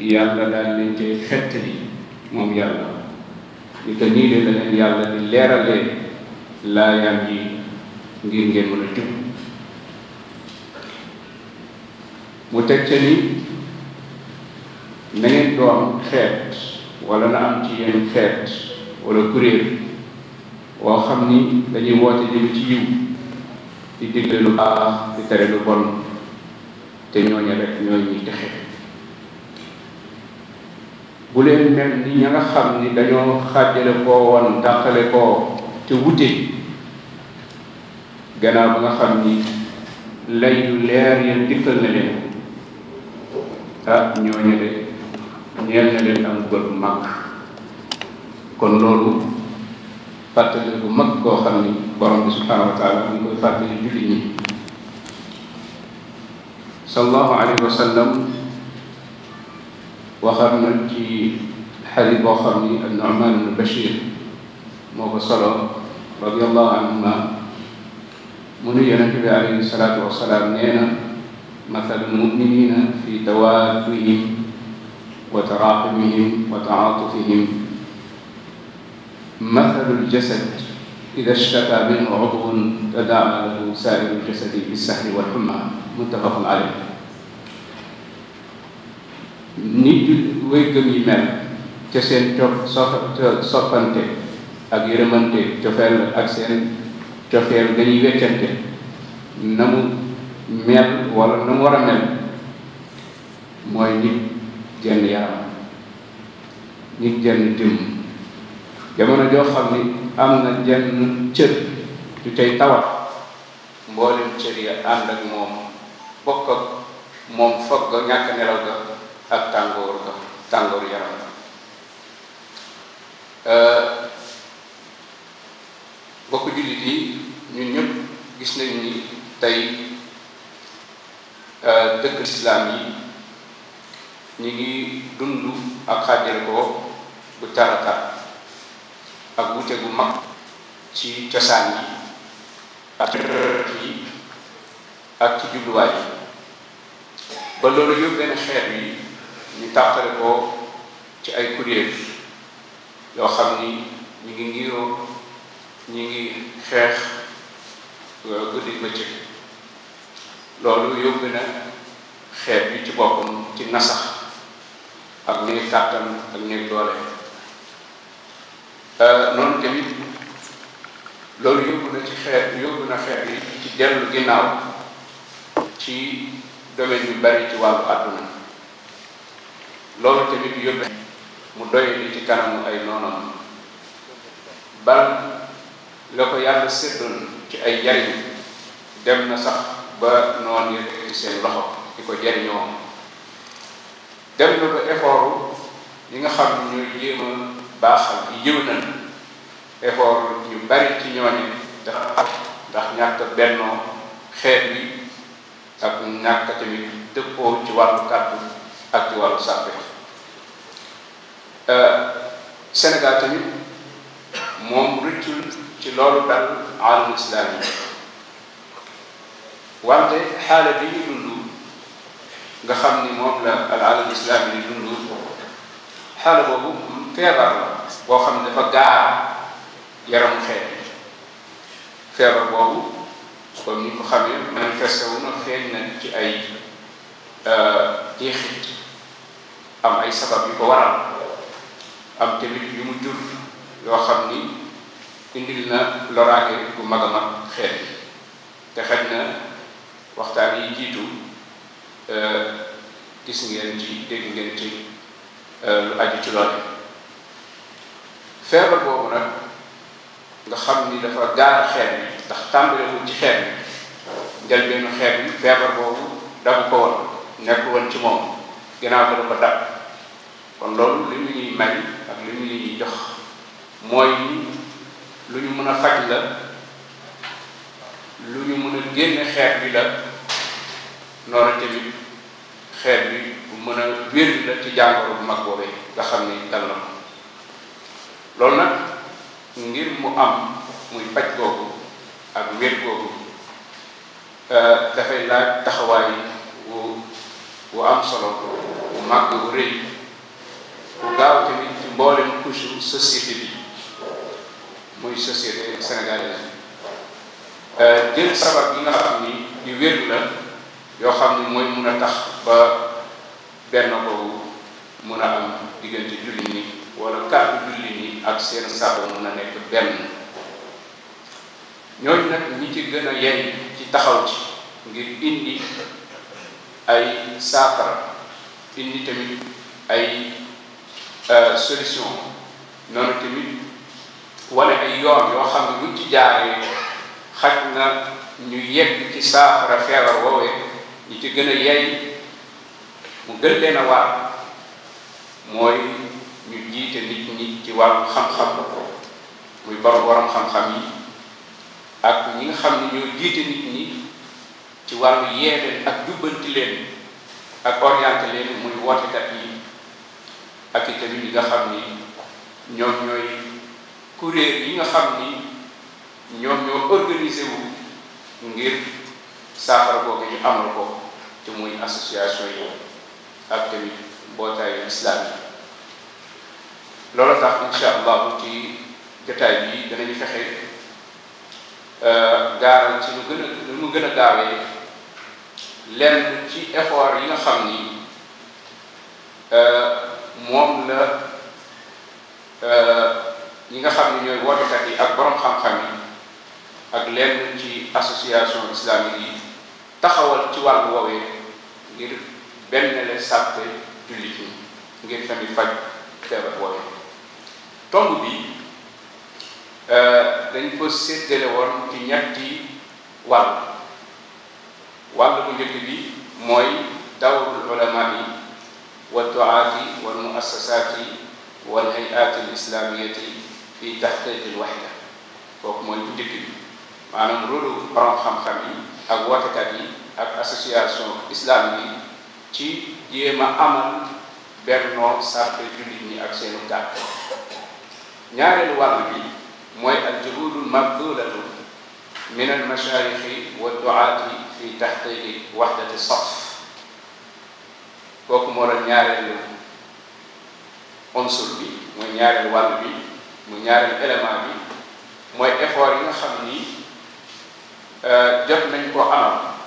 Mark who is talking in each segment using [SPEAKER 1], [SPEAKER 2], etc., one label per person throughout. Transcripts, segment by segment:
[SPEAKER 1] yàlla daal leen cay xettali moom yàlla li ko nii de la leen yàlla di leeralee laayaan yi ngir ngeen mën a jub mu teg ca ni na ngeen doon xeet wala na am ci yenn xeet wala kuréel woo xam ni dañuy woote jëm ci yiw di digle lu baax di tere lu bon te ñooñu rek ñooy ñuy texe bu leen mel ni ña nga xam ni dañoo xàjjale koo woon tàqale koo te wute gannaaw ba nga xam ni lay yu leer ya dikkal na leen ah ñooñu de ñeel na leen am mag kon loolu fàttali bu mag koo xam ni borom bi subhanahu wa taala koy fàttali jullit ñi sallallahu alayhi wa waxam nañ ci xarit boo xam ni an-Nu'man ibn Bashir moo ko solo radiyallahu anhuma mu nu yonente bi alayhi salaatu wasalaam nee na mathalul muminina fi tawaafihim wa taraqimihim wa taatufihim mathalul jasad ida shtaka minhu udwun tadaa lahu saairu jasadi bisahri walxumma muttafaqun alayh nit ju yi mel ca seen co soppante ak yërëmante cofeel ak seen cofeel dañuy weccante na mu mel wala na mu war a mel mooy nit jenn yaram nit jenn jëmm jamono joo xam ni am na jenn cër du tey tawat mboolem cër ya ànd ak moom bokk moom foog ñàkk nelaw ga ak tàngoor tàngoor yaram euh, bokk jullit yi ñun ñëpp gis nañu ni tey euh, dëkk lislaam yi ñu ngi dund ak xàjjal ko bu tarata ak wute gu mag ci cosaan yi ak yi ak ci jubluwaay ba loolu yóbbeen xeet yi ñu tàqale ko ci ay kuréel yoo xam ni ñu ngi ngiiroo ñu ngi xeex guddi bëccëg loolu yóbbu na xeet bi ci boppam ci nasax ak néeg kàttan ak néeg doole euh, noonu tamit loolu yóbbu na ci xeet yóbbu na xeet yi ci dellu ginnaaw ci domaine yu bari ci wàllu àdduna loolu tamit yóbbe mu doy li ci kanamu ay noonam bal la ko yàlla séddoon ci ay jariñ dem na sax ba noon yi ci seen loxo di ko jariñoo dem na ba effort yi nga xam ne ñooy jéem a baaxal yiw nañ effort yu bari ci ñooñu ndax ndax ñàkk bennoo xeet wi ak ñàkk tamit dëppoo ci wàllu kàddu ak ci wàllu sàppe euh, Sénégal tamit moom rëccul ci loolu dal alam islam wante xaala bi ñu dund nga xam ni moom la al alam islam yi dund boobu feebar la boo xam ne dafa gaar yaramu xeet feebar boobu comme ni ko xamee manifesté wu na feeñ na ci ay euh, jeexit am ay sabab yu ko waral am tamit yu mu jur yoo xam ni indil na loraange bu mag a mag xeet yi te xëy na waxtaan yi jiitu euh, gis ngeen ci dégg ngeen ci euh, lu aju ci loolu feebar boobu nag nga xam ni dafa gaar xeet bi ndax tàmbalewul ci xeet bi njëlbeenu xeet bi feebar boobu dabu ko woon nekk woon ci moom ginnaaw te du ko dab kon loolu li mu ñuy may ak li mu ñuy jox mooy lu ñu mën a faj la lu ñu mën a génne xeet bi la noonu tamit xeet bi bu mën a wér la ci jàngoro bu mag boobee nga xam ni dal na ko nag ngir mu am muy faj googu ak wér googu euh, dafay laaj taxawaay bu am solo bu màgg bu rëy bu gaaw tamit ci mboolem couche société bi muy société sénégalaise euh, jël sabab yi nga xam ni di wér la yoo xam ne mooy mun a tax ba benn boobu mun a am diggante julli ni wala kàddu julli ni ak seen sabo mun a nekk benn ñooñu nag ñi ci gën a yeñ ci taxaw ci ngir indi ay saafara indi tamit ay euh, solution noonu tamit wane ay yoon yoo xam ne buñ ci jaaree xaj na ñu yegg ci saafara feebar woowee ñi ci gën a yey mu gën leen a waar mooy ñu jiite nit ñi ci wàllu xam-xam muy borom borom xam-xam yi ak ñi nga xam ne ñoo jiite nit ñi ci wàllu yeete ak jubbanti leen ak orienté leen muy wootekat yi ak itamit yi nga xam ni ñoom ñooy yi nga xam ni ñoom ñoo ngir saafara boobu ñu am na ko te muy association yi ak tamit mbootaayu islam yi loolu tax incha allahu ci jotaay bi danañu fexe Euh, gaaral ci lu gën a lu mu gën a gaawee lenn ci effort yi nga xam ni euh, moom la euh, ñi nga xam ni ñooy wootekat yi ak boroom xam-xam yi ak lenn ci association islamique yi taxawal ci wàll woowee ngir benn le sàppe jullit yi ngir tamit faj feebar woowee tomb bi Euh, dañ ko séddale woon ci ñetti wàll wàll bu njëkk bi mooy dawrul ulamaa yi wa duaati wal muassasaati wal hayaati al fi taxqiq al waxda kooku mooy bu njëkk bi maanaam rôle borom xam-xam yi ak wootekat yi ak association islam yi ci jéem a amal benn noor jullit ñi ak seenu gàtt ñaareelu wàll bi mooy al juhudul mabdulatu min al masharixi wa duaati fi taxqiqi waxdati saf kooku moo doon ñaareelu onsul bi mooy ñaareel wàll bi mu ñaareel élément bi mooy effort yi nga xam ni euh, jot nañ ko amal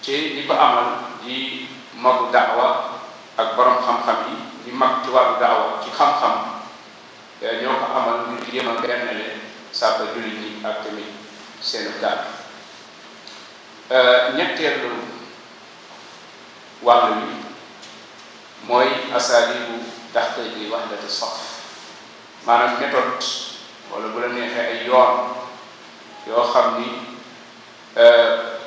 [SPEAKER 1] ci ñi ko amal di magu daawa ak borom xam-xam yi di mag ci wàllu ci xam-xam te euh, ñoo ko amal ngir jéem a bennale sàppa jullit yi ak tamit seenu taal euh, ñetteelu wàll wi mooy asaalibu taxqiq yi wahdati saf maanaam méthode wala bu la neexee ay yoon yoo xam ni euh,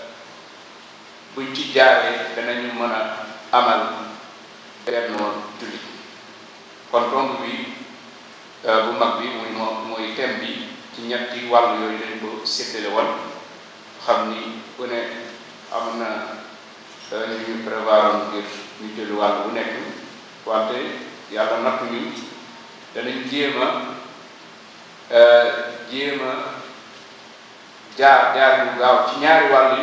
[SPEAKER 1] buñ ci dana ñu mën a amal benn jullit kon tomb bi Euh, bu mag bi muy mooy thème bi ci ñetti wàll yooyu lañ ko séddale woon xam ni bu ne am na li euh, ñu prévoir ngir ñu jël wàll bu nekk wante yàlla natt ñu danañ jéem a euh, jaar jaar yu gaaw ci ñaari wàll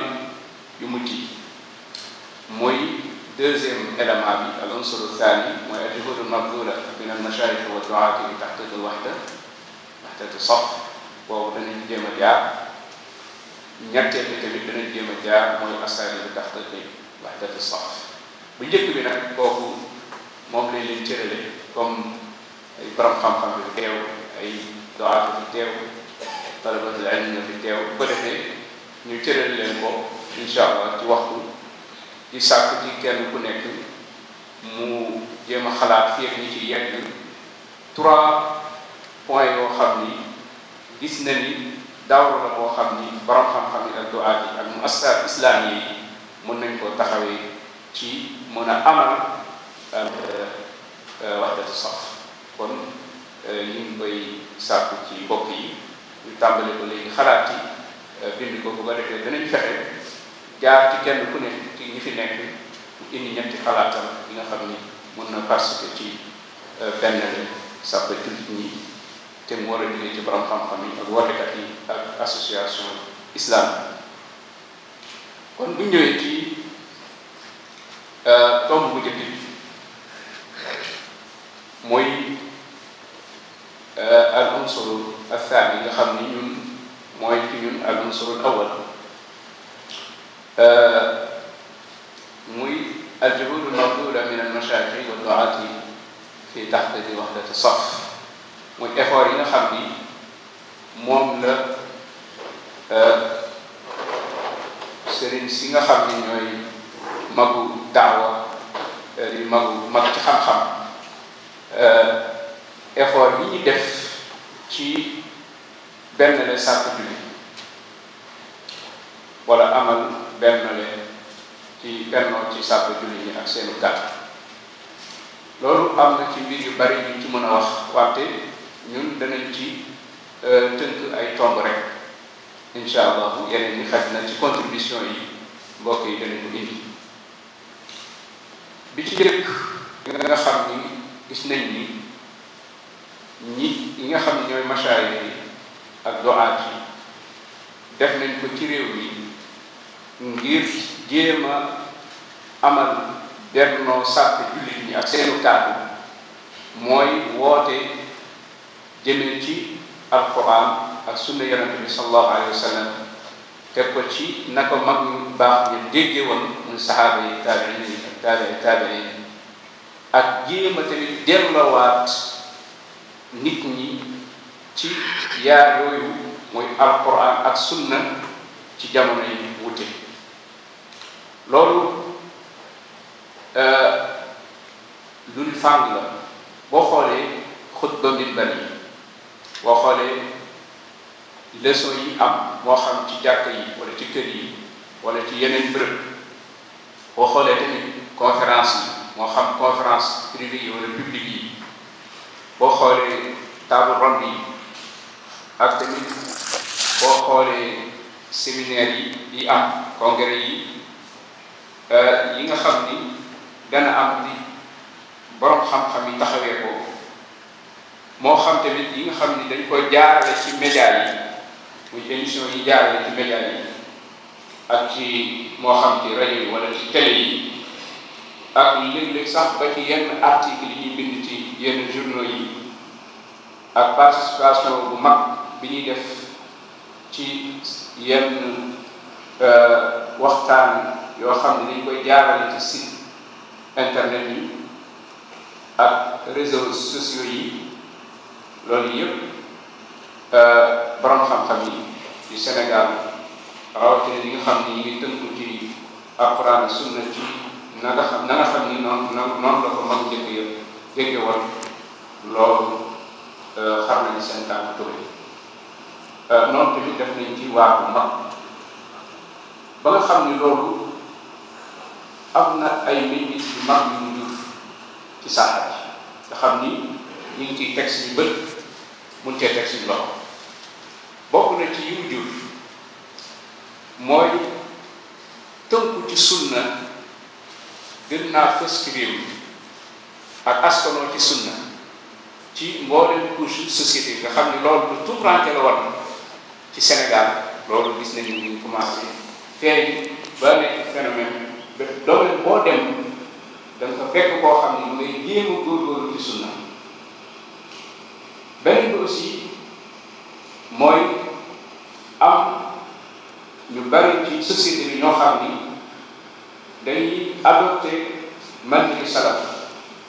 [SPEAKER 1] yu mujj mooy deuxième élément bi al unsur thani mooy al mashayikh wa duaati li taxqiq al waxda waxdatu saf boobu danañ jéem a jaar ñetteel bi tamit danañ jéem a jaar mooy asali li taxqiq waxdatu saf bu njëkk bi nag kooku moom lañ leen cërale comme ay borom xam-xam bi teew ay duaati bi teew talabatul ilm bi teew bu ko defee ñu cëral leen ko incha allah ci di sàkku ci kenn ku nekk mu jéem a xalaat fii ak ñi ci yegg trois points yoo xam ni gis na ni dawra la xam ni borom xam-xam yi ak duaat yi ak mu asar islam yi mën nañ koo taxawee ci mën a amal euh, euh, waxdatu saf kon euh, ñu ngi koy sàkku ci mbokk yi ñu tàmbale ko léegi xalaat yi bind ko bu ko danañ fexe jaar ci kenn ku ne ci ñi fi nekk indi ñetti xalaatam yi nga xam ni mun na participer ci euh, benn sàpp jullit ñi te mu war a jógee ci borom xam-xam yi ak wootekat yi ak association islam kon bu ñëwee ci euh, tomb bu jëkk bi mooy al al thani nga xam ni ñun mooy ci ñun al unsur al awal Euh, muy aljuhud almabdula min almashaaqi wa duaati fi taxqiqi waxdati saf muy effort yi nga xam ni moom la euh, sëriñ si nga xam ni ñooy magu daawa euh, di magu mag ci xam-xam effort def ci benn la sàkku julli wala amal benn leen ci bennoo ci sàpp julli ñi ak seenu gàtt loolu am na ci mbir yu bari ñu ci mën a wax wante ñun danañ ci euh, tënk ay tomb rek incha allah yeneen yi xaj na ci contribution yi mbokk yi danañ ko indi bi ci jëkk nga xam ni gis nañ ni ñi yi nga xam ne ñooy machaayir yi ak doaat yi def nañ ko ci réew yi ngir jéem a amal bennoo sàpp jullit ñi ak seenu kàddu mooy woote jëmee ci alquran ak sunna yonente bi sallallahu alayhi wa sallam teg ko ci naka mag ñu baax ñu déggee woon muy saxaaba yi taabiin yi ak taabii taabii yi ak jéem a tamit delloowaat nit ñi ci yaar yooyu muy alquran ak sunna ci jamono yi loolu euh, luñ fàng la boo xoolee xot xutba minbar yi boo xoolee leçon yi am moo xam ci jàkk yi wala ci kër yi wala ci yeneen bërëb boo xoolee tamit conférence yi moo xam conférence privée yi wala publique yi boo xoolee table ronde yi ak tamit boo xoolee séminaire yi yi am congrès yi Euh, yi nga xam ni dana am ni borom xam-xam yi taxawee ko moo xam tamit yi nga xam ni dañ koy jaarale ci média yi muy émission yi jaarale ci média yi ak ci moo xam ci rajo yi wala ci télé yi ak léeg-léeg sax ba ci yenn article yi ñuy bind ci yenn journaux yi ak participation bu mag bi ñuy def ci yenn euh, waxtaan yoo xam ne dañ koy jaarale ci site internet yi ak réseaux sociaux yi loolu yëpp euh, borom xam-xam yi ci Sénégal rawatina ñi nga xam ni ñu ngi ci alquran sunna ci na xam na xam ni noonu noonu la ko mag njëkk yëpp jëkke woon loolu euh, xam nañ seen tànk tóore euh, noonu tamit def nañ ci waaru mag ba nga xam ni loolu am na ay mbir yu mag yu mu jur ci saaxa bi nga xam ni ñu ngi ciy teg suñu bët mun cee teg suñu loxo bokk na ci yu mu jur mooy tënku ci sunna gën naa fës ci réew ak askanoo ci sunna ci mboolem couche société bi nga xam ni loolu lu tumranke la war ci Sénégal loolu gis nañu ñu ngi commencé feeñ ba nekk phénomène doole boo dem danga fa fekk koo xam ne mu ngay jéem a góorgóorlu ci sunna beneen bi aussi mooy am ñu bari ci société bi ñoo xam ni dañuy adopté manhaj salaf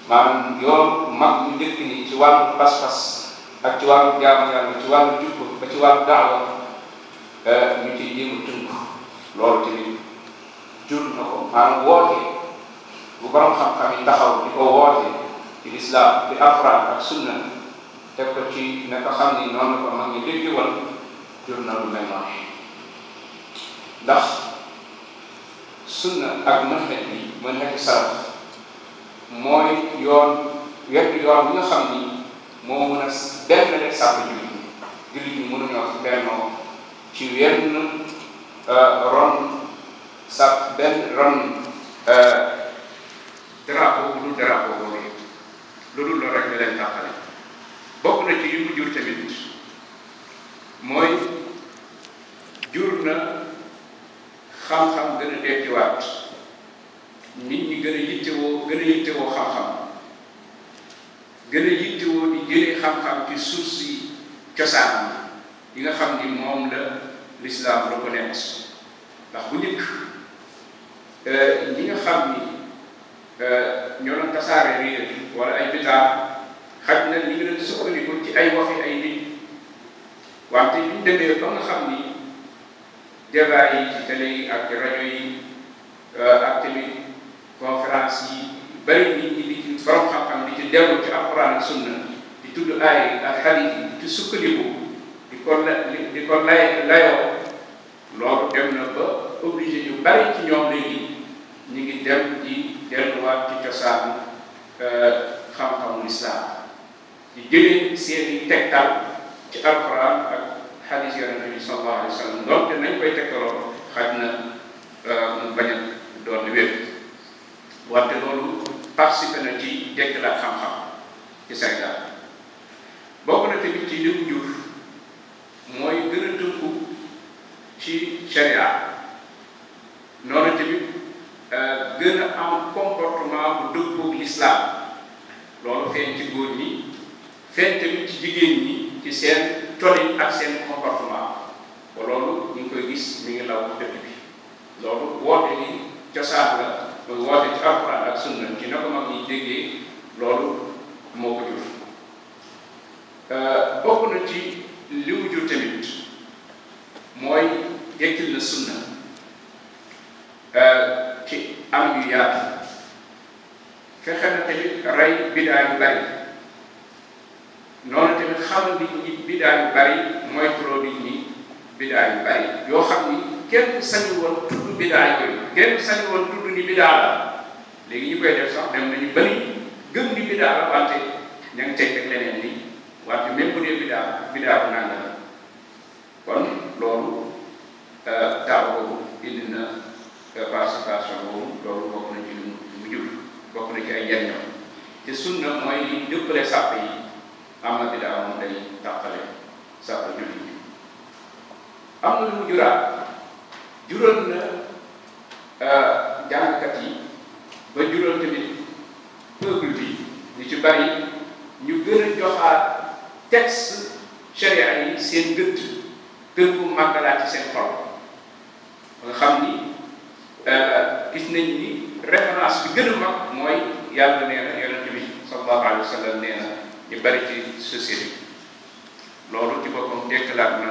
[SPEAKER 1] maanaam yoon mag ñu njëkk ci wàllu pas-pas ak ci wàllu jaamu yàlla ci wàllu jubbu ba ci wàllu daawa eh, ñu ciy jéem a tënk loolu tamit jur na ko maanaam woote bu borom xam-xam yi taxaw di ko woote ci lislaam bi afraad ak sunna teg ko ci ne xam ni noonu ko mag ñi dégg woon jur na lu mel noonu sunna ak manhaj bi manhaj salaf mooy yoon yépp yoon bi xam ni moo mën a benn rek sàpp jullit ñi jullit ñi mënuñoo bennoo ci wenn euh, ron sa benn ron euh, drapeau bu dul drapeau boobu loolu loolu rek la leen bokk na ci yu mu jur tamit mooy jur na xam-xam gën a dekkiwaat nit ñi gën a yittewoo gën a yittewoo xam-xam gën a yittewoo di jëlee xam-xam ci suuf si cosaan yi nga xam ni moom la l'islam reconnaître ndax bu njëkk Euh, li nga xam ni euh, ñoo tasaare réer wala ay bidaa xaj na ñu ngi leen sukkandiku ci ay waxi ay nit wante ñu demee ba nga xam ni débat yi ci télé ak rajo yi euh, ak tamit conférence yi bari nit ñi di ci borom xam-xam ko la ko lay loolu dem na ba obligé yu bari ci ñoom léegi ñu ngi dem di delluwaat ci cosaanu euh, xam-xamu lislaam di jëlee seeni tegtal ci alquran ak xadis yonente bi sallallahu alayhi wa sallam nañ koy tegtaloo xaj na euh, mu bañ a doon wér wante loolu participé na ci dekk la xam-xam ci Sénégal bokk na tamit ci li jur mooy gën a tënku ci sharia noonu tamit euh, gën a am comportement bu dëppoog l'islam loolu feeñ ci góor ñi feeñ tamit ci jigéen ñi ci seen tolin ak seen comportement ba loolu ñu koy gis mi ngi law dëkk bi loolu woote ni cosaan la muy woote ci alquran ak sunna ci na ko mag loolu moo ko jur euh, na ci li tamit mooy dekkil na sunna euh, ci am yu yaatu fexe na tamit rey bidaa yu bari noonu tamit xam nit ñi bidaa yu bari mooy turoo nit ñi yu bari yoo xam ni kenn sañu woon tudd bidaa yooyu kenn sañu woon tudd ni bidaa la léegi ñu koy def sax dem nañu bari gëm ni bidaa la wante ña ngi teg ak leneen ni wante même dee bidaa bidaa bu naan la kon loolu euh, taaw boobu indi na euh, participation boobu loolu bokk na ci mu jub bokk na ci ay njariñam mooy li dëppale sàpp yi am na bidaa moom day tàqale sàpp am na lu mu juraat na euh, jàngkat yi ba jural tamit peuple bi ñu ci bari ñu gën a joxaat texte sharia yi kër gu màgg laa ci seen xol nga xam ni euh, gis nañ ni référence bi gën a mag mooy yàlla nee na yonent bi sallallahu alayhi wa ñu bari ci société loolu ci boppam dekkalaat na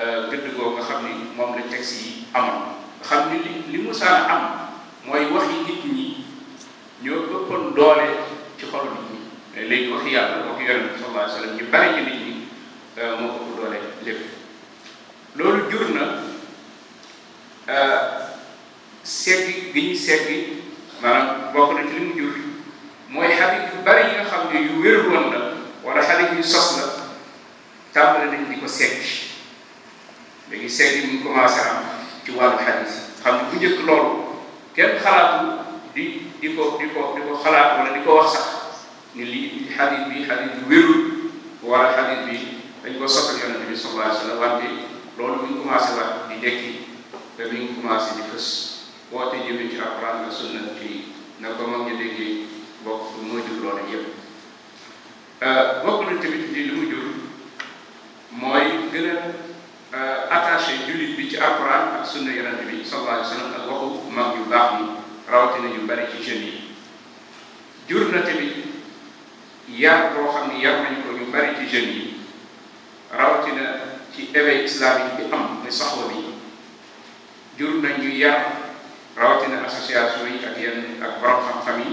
[SPEAKER 1] euh, gëdd goo nga xam ni moom la texte yi amoon nga xam ni li li mu am mooy wax nit ñi ñoo ëppoon doole ci xolu nit ñi waxi yàlla waxi yonent bi sallallahu alayhi ñu bari ci nit ñi euh, siècle bi maanaam bokk na ci li mu jur mooy xadis yu bari yi nga xam
[SPEAKER 2] yu wér woon
[SPEAKER 1] wala xadis yu sos la tàmbale di ko seggi léegi seggi mu commencé am ci wàllu xadis xam ne bu njëkk loolu kenn di ko xalaat wala di ko wax sax ni lii xadis bi xadis wala xadis bi dañ ko soppal bi sallallahu alayhi wa loolu mi ngi commencé di dekki te mi ngi commencé di fës woote jëme ci alquran la sunna ci nag ba mag ñu déggee bokk moo jur loolu yëpp euh, bokk na tamit li mu jur mooy gën a euh, attaché jullit bi ak sunna yonente bi sallallahu alayhi wa sallam ak waxu mag yu baax yi rawatina yu bari ci jeunes yi jur na tamit yar boo xam ne yar nañ ko ñu bari ci jeunes yi rawatina ci éveil islamique bi am muy saxwa bi jur nañu yar rawatina association yi ak yenn ak borom xam-xam yi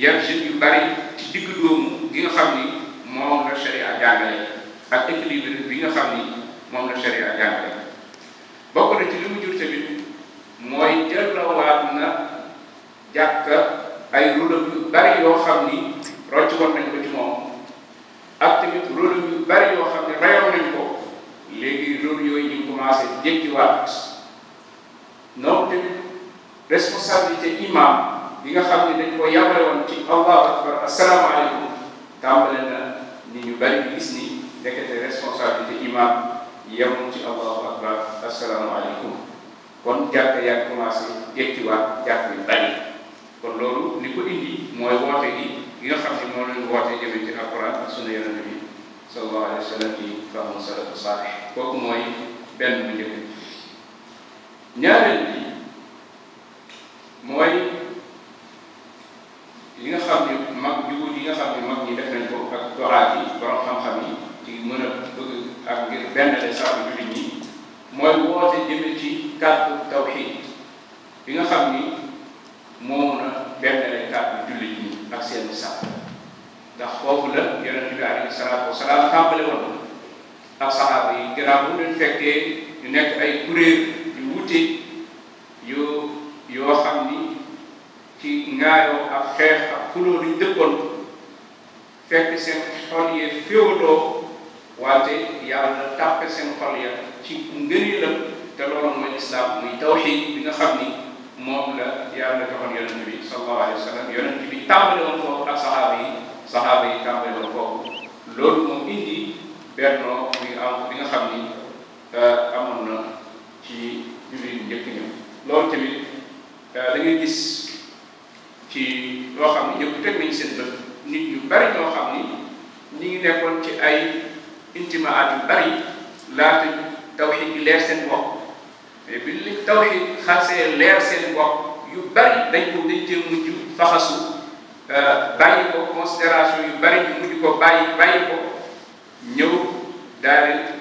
[SPEAKER 1] yan jeunes yu bari ci digg doomu gi nga xam ni moom la sharia jàngale ak équilibre bi nga xam ni moom la sharia jàngale bokk na ci li mu jur tamit mooy jëlawaat na jàkka ay rôlam yu bari yoo xam ni rocc woon nañ ko ci moom ak tamit rôlam yu bari yoo xam ne rayoon nañ ko léegi rôle yooyu ñu commencé jékkiwaat noonu tamit responsabilité imam bi nga xam ne dañ ko yabale woon ci allahu akbar asalaamaaleykum tàmbale na ni ñu bari bi gis ni ndekete responsabilité imam yemul ci allahu akbar asalaamaaleykum kon jàkk yaa commencé dekkiwaat jàkk yu bari kon loolu li ko indi mooy woote gi gi nga xam ne moo leen woote jëme ci alquran ak sunna yonente bi sallallahu mooy li nga xam ni mag jugul yi nga xam ne mag ñi def nañ ko ak doxaat yi borom xam-xam yi ci mën a bëgg ak benn la sax jullit ñi mooy woote jëme ci kàddu tawxiid bi nga xam ni moo mën a benn la kàddu jullit ñi ak seen sax ndax foofu la yonente bi alayhi salaatu wasalaam tàmbale ak yi gannaaw bu leen fekkee ñu nekk ay kuréel yu wute yu yoo xam ni ci ngaayoo ak xeex ak xuloo liñ dëkkoon fekk seen xol ye féewaloo waate yàlla tàppe seen xol ya ci ngëni la te loolu mooy islaam muy tawxid bi nga xam ni moom la yàlla joxoon yonent bi sallallahu tàmbale woon foofu yi saxaaba yi tàmbale woon foofu loolu moom indi bennoo muy am bi nga xam ni euh, amoon na ci jullit njëkk ñëw loolu tamit Euh, da ngay gis ci loo xam ne ñëpp teg nañu seen bët nit ñu bari ñoo xam ni ñu ngi nekkoon ci ay intimaat yu bari laata tawxiid di leer seen bopp mais bi li tawxiid xasee leer seen bopp yu bari dañ ko dañ cee mujj faxasu euh, bàyyi ko considération yu bari ñu mujj ko bàyyi bàyyi ko ñëw daal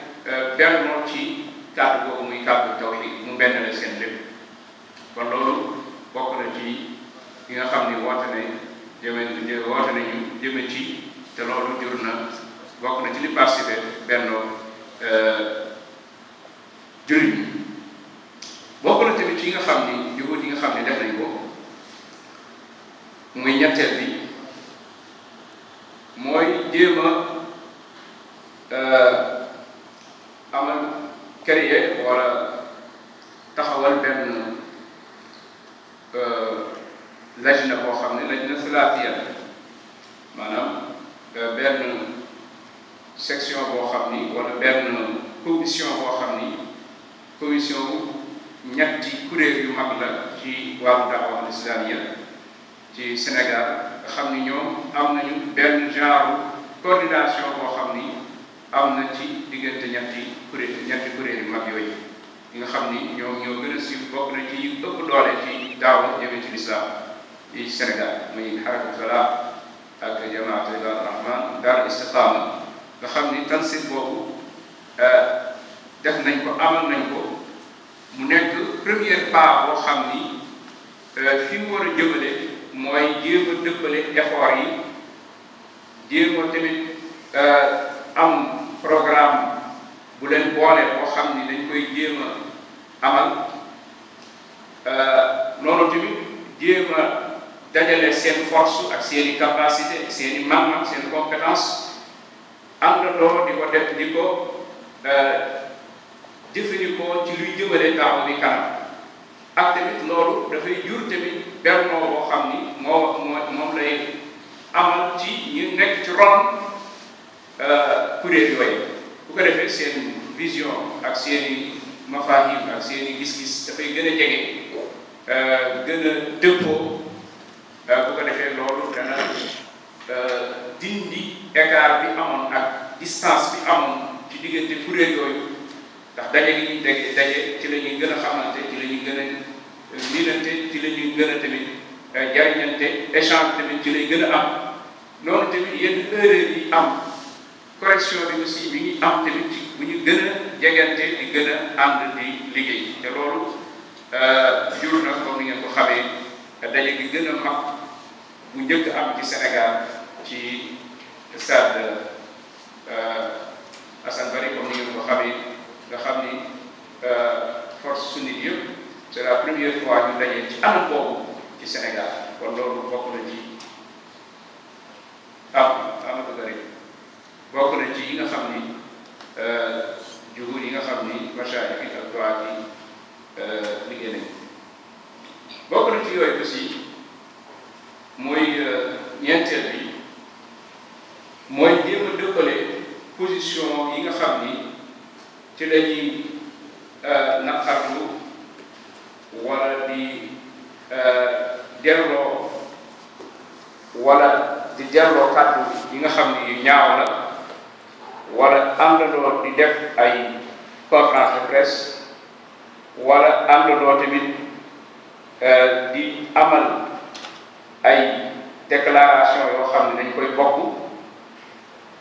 [SPEAKER 1] Euh, di amal ay déclaration yoo xam ne dañ koy bokk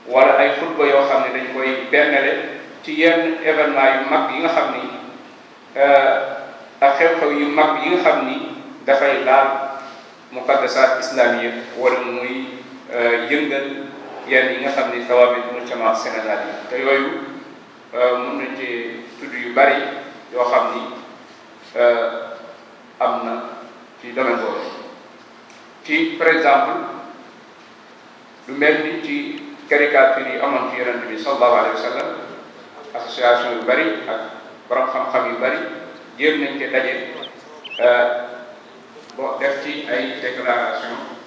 [SPEAKER 1] wala ay xutba yoo xam ne dañ koy bennale ci yenn événement yu mag yi nga xam ni euh, ak xew-xew yu mag yi nga xam ni dafay laal muqaddasat islamiyya wala muy euh, yëngal yenn yi nga xam ni sawaabit mujtama Sénégal yi te yooyu mën nañ ci tudd yu bari yoo xam ni am na ci domaine boobu par exemple lu mel ni ci caricature yi amoon ci yonent bi sallallahu alayhi wa sallam association yu bari ak borom xam-xam yu bari jéem nañ te daje euh, boo def ci ay déclaration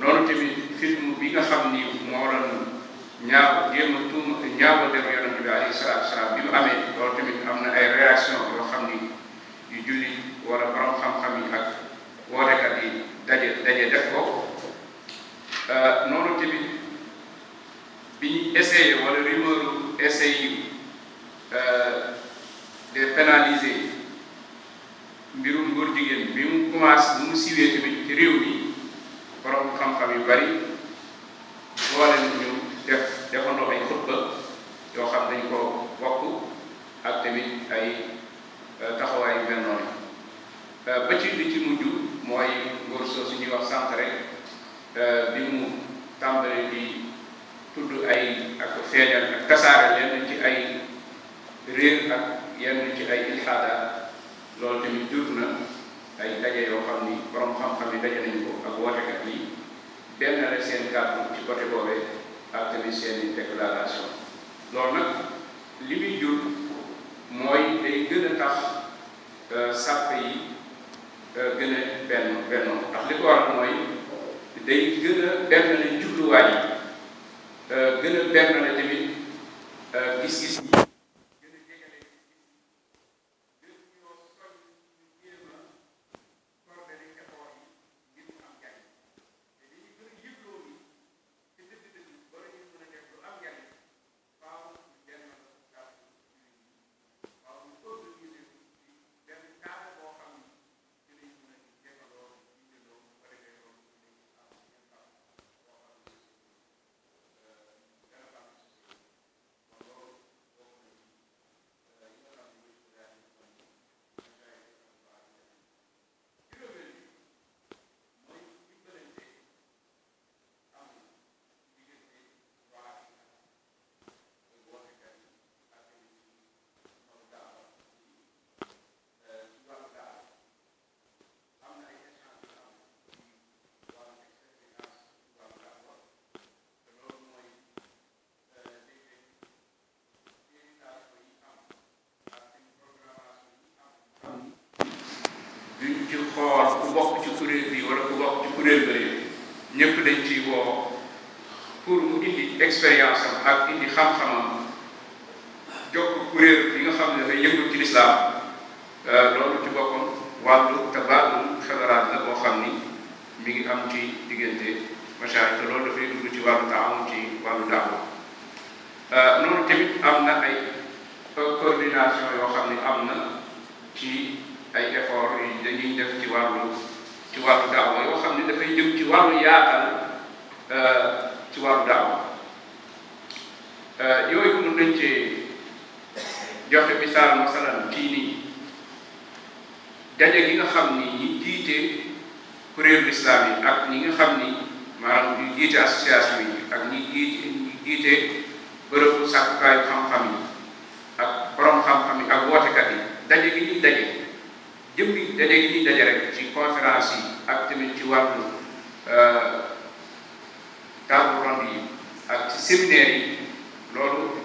[SPEAKER 1] noonu tamit film bi nga xam ni moo doon ñaaw jéem a tuuma ñaaw dem yonent bi alayhi bi amee loolu tamit am na ay réaction yoo xam ni yu julli wala borom xam-xam yi ak wootekat yi daje daje def ko euh, noonu tamit bi ñu essayé wala rumeur essai yi euh, de pénaliser mbirum góor jigéen bi mu commencé mu siwee tamit ci réew mi borom xam-xam yu bari boole ñu def defandoo ay xutba yoo xam dañ ko bokk ak tamit ay euh, taxawaay yu noonu ba ci li ci mujj mooy ngóor soosu ñuy wax sant rek euh, bi mu tàmbali di tudd ay ak feeñal ak tasaare lenn ci ay réer ak yenn ci ay ilxaada loolu tamit jur na ay daje yoo xam ni borom xam-xam yi daje nañu ko ak wootekat yi benn la seen kàddu ci côté boobee ak seeni déclaration loolu nag li muy jur mooy day gën a tax euh, sàpp yi gën a benn benn ndax li ko waral mooy day gën a benn la jubluwaay yi euh, gën a benn la tamit euh, gis-gis yi dañ ciy woo pour mu indi expérience am ak indi xam-xamam jokk kuréel bi nga xam ne dafay yëngu ci lislaam euh, loolu ci boppam wàllu tabaarul fédéral la boo xam ni mi ngi am ci diggante macha te loolu dafay dugg ci wàllu taawun ci wàllu daaw euh, noonu tamit am na ay coordination yoo xam ne am na ci ay effort yi dañuy def ci wàllu ci wàllu daaw yoo xam ne dafay jëm ci wàllu yaatal Euh, ci wàllu daaw euh, yooyu mën nañ cee joxe misaal masalan kii nii daje gi nga xam ni ñi jiite kuréelu islam yi ak ñi nga xam ni maanaam ñi jiite association yi ak ñi jiite ñi jiite bërëbu sàkkukaayu xam-xam yi ak borom xam-xam yi ak wootekat yi daje gi ñuy daje jëmmi daje gi ñuy daje rek ci conférence yi ak tamit ci wàllu euh, table ronde yi ak ci séminaire yi loolu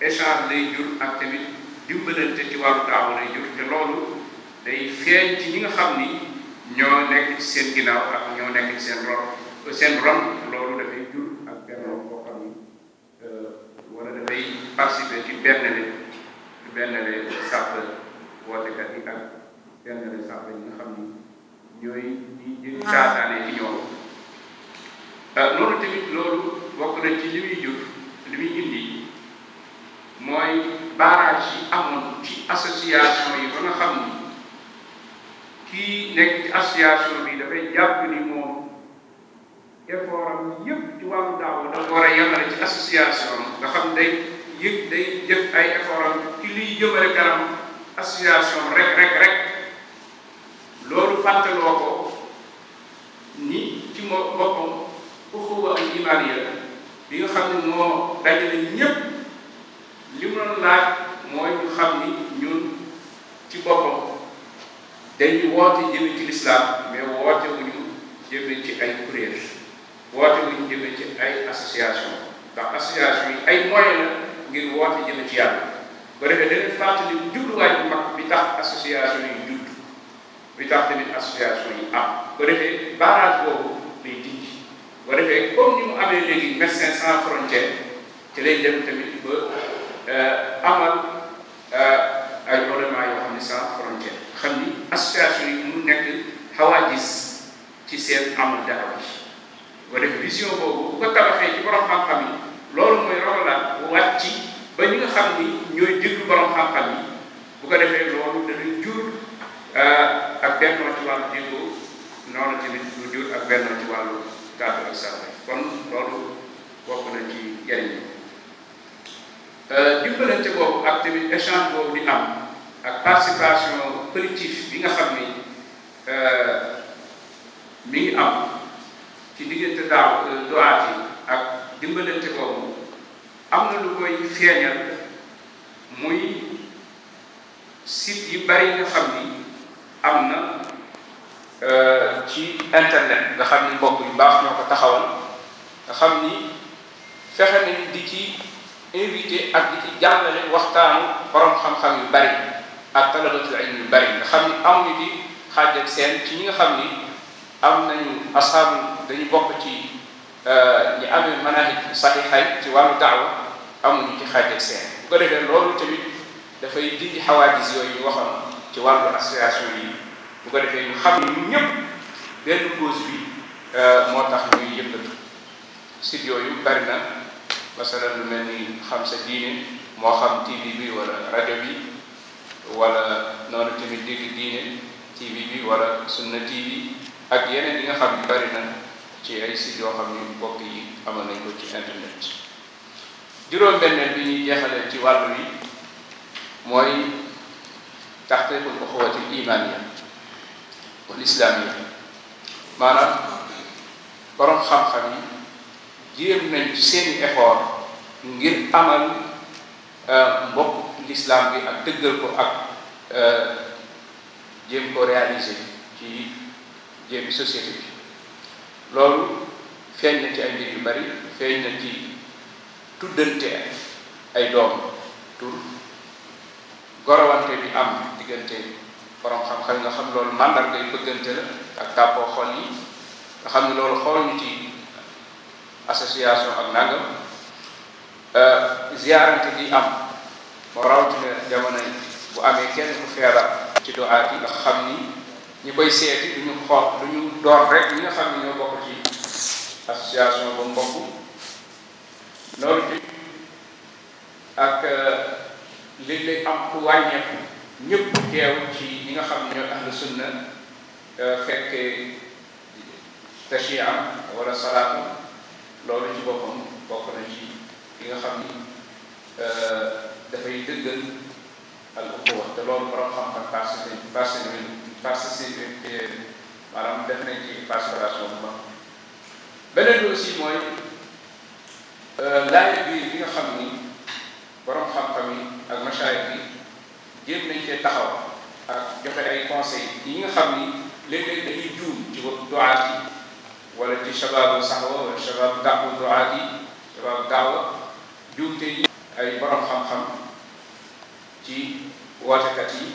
[SPEAKER 1] échange lay jur ak tamit dimbalante ci wàllu daaw lay jur te loolu day feeñ ci ñi nga xam ni ñoo nekk ci seen ginnaaw ak ñoo nekk seen ron seen ron loolu dafay jur ak benn boo xam ni euh, wala dafay participer ci benn le ci benn le sàpp wootekat yi ak benn le sàpp ñi nga xam ni ñooy ñi ah. saataane ci ñoom Euh, loolu tamit loolu bokk na ci li muy jur indi mooy barrage yi amoon ci association yi ba nga xam ni kii nekk ci association bi dafay jàpp ni moom effort am yépp ci wàllu daaw dafa war a yemale ci association nga xam day yëg day jëf ay effort am ci liy jëmale association rek rek loolu fàttaloo ko ni ci moo boppam uxuwa al imaaniya bi nga xam ne moo dajale ñépp li laaj mooy ñu xam ni ñun ci boppam dañuy woote jëme ci lislaam mais woote wu ñu jëme ci ay kuréel woote wu ñu jëme ci ay association ndax association yi ay moyen la ngir woote jëme ci yàlla ba defee dañuy fàttali jubluwaay bu mag bi tax association yi judd bi tax tamit association yi am ba defee barrage boobu lay bu defee comme ni mu amee léegi médecin sans frontière ci lañ dem tamit ba euh, amal euh, ay ulama yoo xam ne sans frontière xam ni association yi mu nekk xawaajis ci seen amal daawa yi def vision boobu bu ko tabaxee ci borom xam-xam yi loolu mooy rogalaat wàcc ba ñi nga xam ni ñooy déglu borom xam-xam yi bu ko defee loolu danañ jur euh, ak bennoo ci wàllu déggoo noonu tamit du jur ak bennoo ci wàllu kàddu ak sàrde kon loolu bokk na ci njariñ euh, dimbalante boobu ak tamit échange boobu am ak participation collective bi nga xam ni euh, mi am ci diggante daaw euh, doaat yi ak dimbalante boobu am na lu koy feeñal muy site yu bari nga xam ni am na Euh, ci internet nga xam ni mbokk yu baax ñoo ko taxawal nga xam ni fexe ni di ci invité ak di ci jàngale waxtaanu borom xam-xam yu bari ak talabatul ilm yu bari nga xam ni amuñu di xaaj ak seen ci ñi nga xam ni am nañu asaabu dañu bokk ci euh, ñi amee manahij saxiixay ci wàllu daawa amuñu ci xaaj ak seen bu ko defee loolu tamit dafay di xawaadis yooyu ñu waxoon ci wàllu association yi bu ko defee ñu xam ne ñun ñëpp benn cause bi euh, moo tax ñuy yëngatu sit yooyu bari na masalan lu mel xam sa diine moo xam TV bi wala rajo bi wala noonu tamit dégg diine TV bi wala sunna TV ak yeneen yi nga xam ne bari na ci ay sites yoo xam ni mbokk yi amal nañ ko ci internet juróom-benneel bi ñuy jeexalee ci wàllu yi mooy taxqiqul uxuwati iman ya wal islaamiya maanaam borom xam-xam yi jéem nañ ci seeni effort ngir amal euh, mbokk l'islam bi ak dëggal ko ak euh, jéem ko réaliser ci jéemi société bi loolu feeñ na ci ay mbir yu bari feeñ na ci tuddante ay doom tur gorowante bi am diggante borom xam-xam nga xam loolu màndargay bëggante la ak tàppoo xol yi nga xam ne loolu xool ñu ci association ak nangam euh, ziarante bi am moo rawatina jamono bu amee kenn ku feebar ci doaat yi nga xam ni ñi koy seeti duñu xool duñu doon rek ñi nga xam ne ñoo bokk ci association ba mu loolu ci ak euh, léeg-léeg am ku wàññeeku ñëpp teew ci ñi nga xam ne ñoo ahlu sunna euh, fekkee tashiam wala salaatu loolu ci boppam bokk na ci nga xam ni euh, dafay dëggal al uquwa te loolu borom xam-xam parce que parce que parce que maanaam def nañ ci participation bu baax beneen bi aussi mooy euh, laaj bi li nga xam ni borom xam-xam yi ak machaayix yi jéem nañ cee taxaw ak joxe ay conseil ci ñi nga xam ni léeg-léeg dañuy juum ci duaat yi wala ci shababu saxwa wala shababu daawu duaat yi shababu daawa juumte yi ay borom xam-xam ci wootekat yi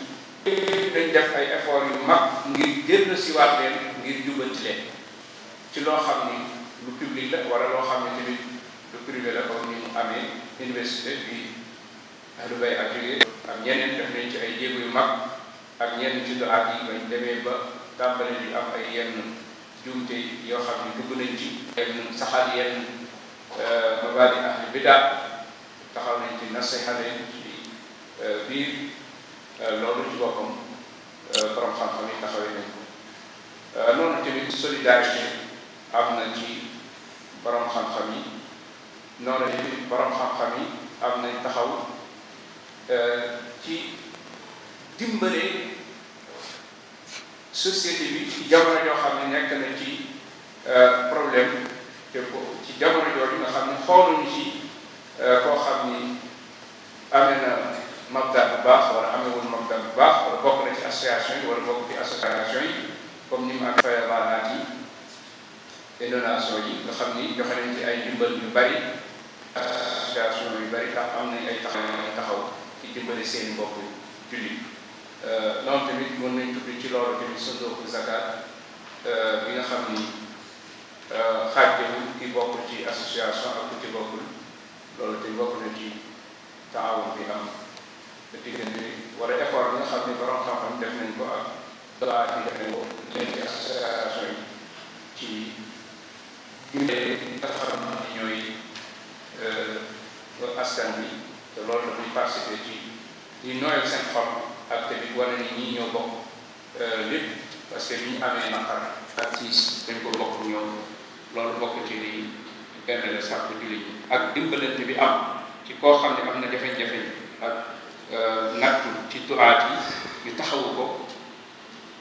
[SPEAKER 1] dañ def ay effort yu mag ngir génn siwaat leen ngir jubanti leen ci loo xam ni lu public la wala loo xam ne tamit lu privé la comme ni mu amee université bi lu bay ak jógee ak ñeneen def nañ ci ay jéego yu mag ak ñenn ci doxaat yi bañ demee ba tàmbali di am ay yenn juumte yo xam ne dugg nañ ci yenn saxaat yenn euh, mabaadi ahli bida taxaw nañ ci nasiha leen ci euh, biir euh, loolu ci boppam borom xam-xam yi taxawee nañ ko noonu tamit solidarité am na ci borom xam-xam yi noonu tamit borom xam-xam yi am nañ taxaw Euh, ci dimbale société bi ci jamono joo xam ne nekk na ci euh, problème ci jamono jooju nga xam ne xooluñu ci euh, koo xam ni amee na mabda bu baax wala amee wul mabda baax wala bokk na ci association yi wala bokk ci association yi comme ni mu ak fayalaanaat yi te donation yi nga xam ni joxe nañ ci ay ndimbal yu bari association yu bari am nañ ay taxaw ci dimbali seen mbokk jullit noonu euh, tamit mën nañ tudd ci loolu tamit sodooku zakat euh, bi nga xam ni euh, xaajjawul ki bokk ci association ak ku ci loolu te bokk na ci taawun bi am diggante wala effort bi nga xam ni borom xam-xam def nañ ko ak dawaat yi def nañ ko leen ci association yi ci ñu ne nga xam ni ñooy askan bi te loolu dafay participer ci di noyal seen xol ak tamit wane ni ñii ñoo bokk euh, lépp parce que bi ñu amee naqar ak siis dañ ko bokk ñoom loolu bokk ci li benn la sax bu jullit ak dimbalante bi am ci koo xam ne am na jafe-jafe ak euh, nattu ci duraat yi ñu taxawu ko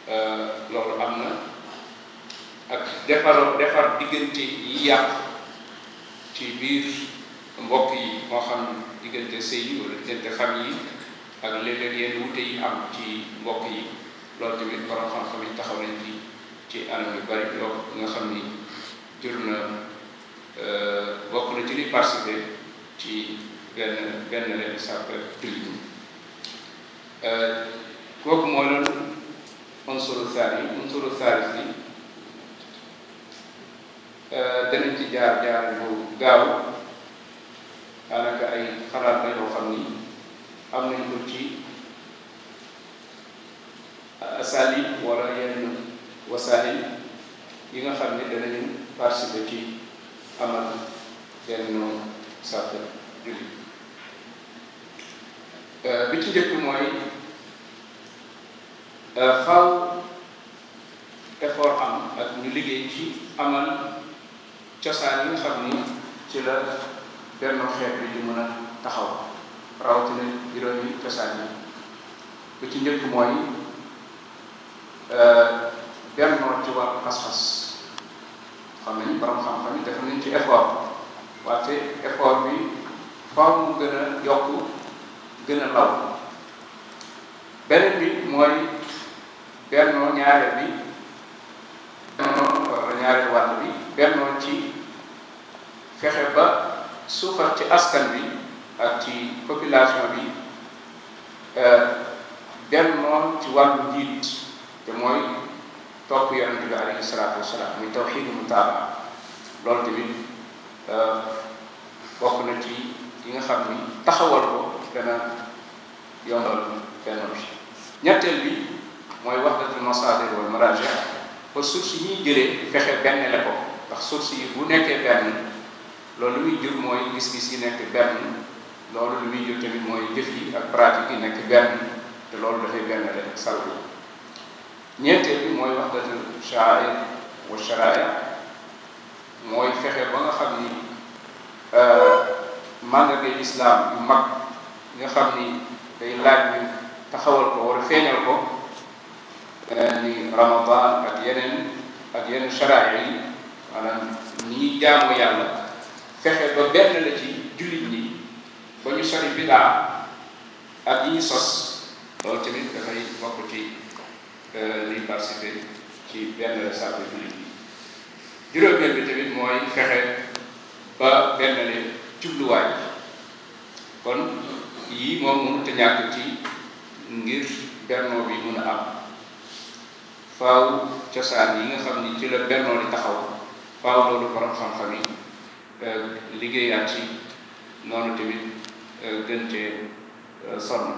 [SPEAKER 1] euh, loolu am na ak defar defar diggante yi yàq ci biir mbokk yi moo xam diggante sëy yi wala diggante famille yi ak léeg yenn wute yi am ci mbokk yi loolu tamit borom xam-xam yi taxaw nañ ci ci anam yu bari loo nga xam ni jur na euh, bokk na ci li participé ci benn benn leen sàppe jullit ñi euh, kooku mooy loolu unsuru saari unsuru saari bi euh, danañ ci jaar jaar bu gaaw daanaka ay xalaat la yoo xam ni am nañ ko ci asali wala yenn wasaali yi nga xam ne danañu participer ci amal benn sàppe julli euh, bi ci njëkk mooy euh, faw effort am ak ñu liggéey ci amal cosaan yi xam ni ci la bennoo xeet bi di mën a taxaw rawatina juróomi cosaan yi bu ci njëkk mooy euh, bennoo ci wàllu pas-pas xam nañu borom xam-xam yi def nañ ci effort wante effort bi faw mu gën a yokk gën a law beneen bi mooy bi bennoo wala ñaareel bi bennoo ci fexe ba suufar ci askan bi ak ci population bi euh, dem noonu ci wàllu njiit te mooy topp yonente bi alayhi salaatu wasalaam muy tawxidu mutaaba loolu tamit euh, bokk na ci yi nga xam ni taxawal ko dana yombal benn bi ñetteel bi mooy waxdatul masaadir wal maraaji ba source yi ñuy jëlee fexe benn la ko ndax source yi bu nekkee benn loolu lu muy jur mooy gis-gis yi nekk benn loolu lu muy jur tamit mooy jëf yi ak pratique yi nekk benn te loolu dafay benn rek sallu ñeenteel bi mooy waxdatu sha'ir wa mooy fexe ba nga xam ni euh, màndargay islam yu mag nga xam ni day laaj ñu taxawal ko wala feeñal ko euh, ni ramadan yeneen ak yeneen sharaaya yi maanaam ni ñuy jaamu fexe ba benn la ci jullit ñi ba ñu sori bidaa ak yi sos loolu tamit dafay bokk ci euh, liy participer ci benn la sàppe jullit ñi juróomeel bi tamit mooy fexe ba benn la jubluwaay kon yii moom mënut a ñàkk ci ngir bennoo bi mën a am faaw cosaan yi nga xam ni ci la bennoo di taxaw faaw loolu borom xam-xam yi Euh, liggéeyaat ci noonu tamit euh, gën cee euh, sonn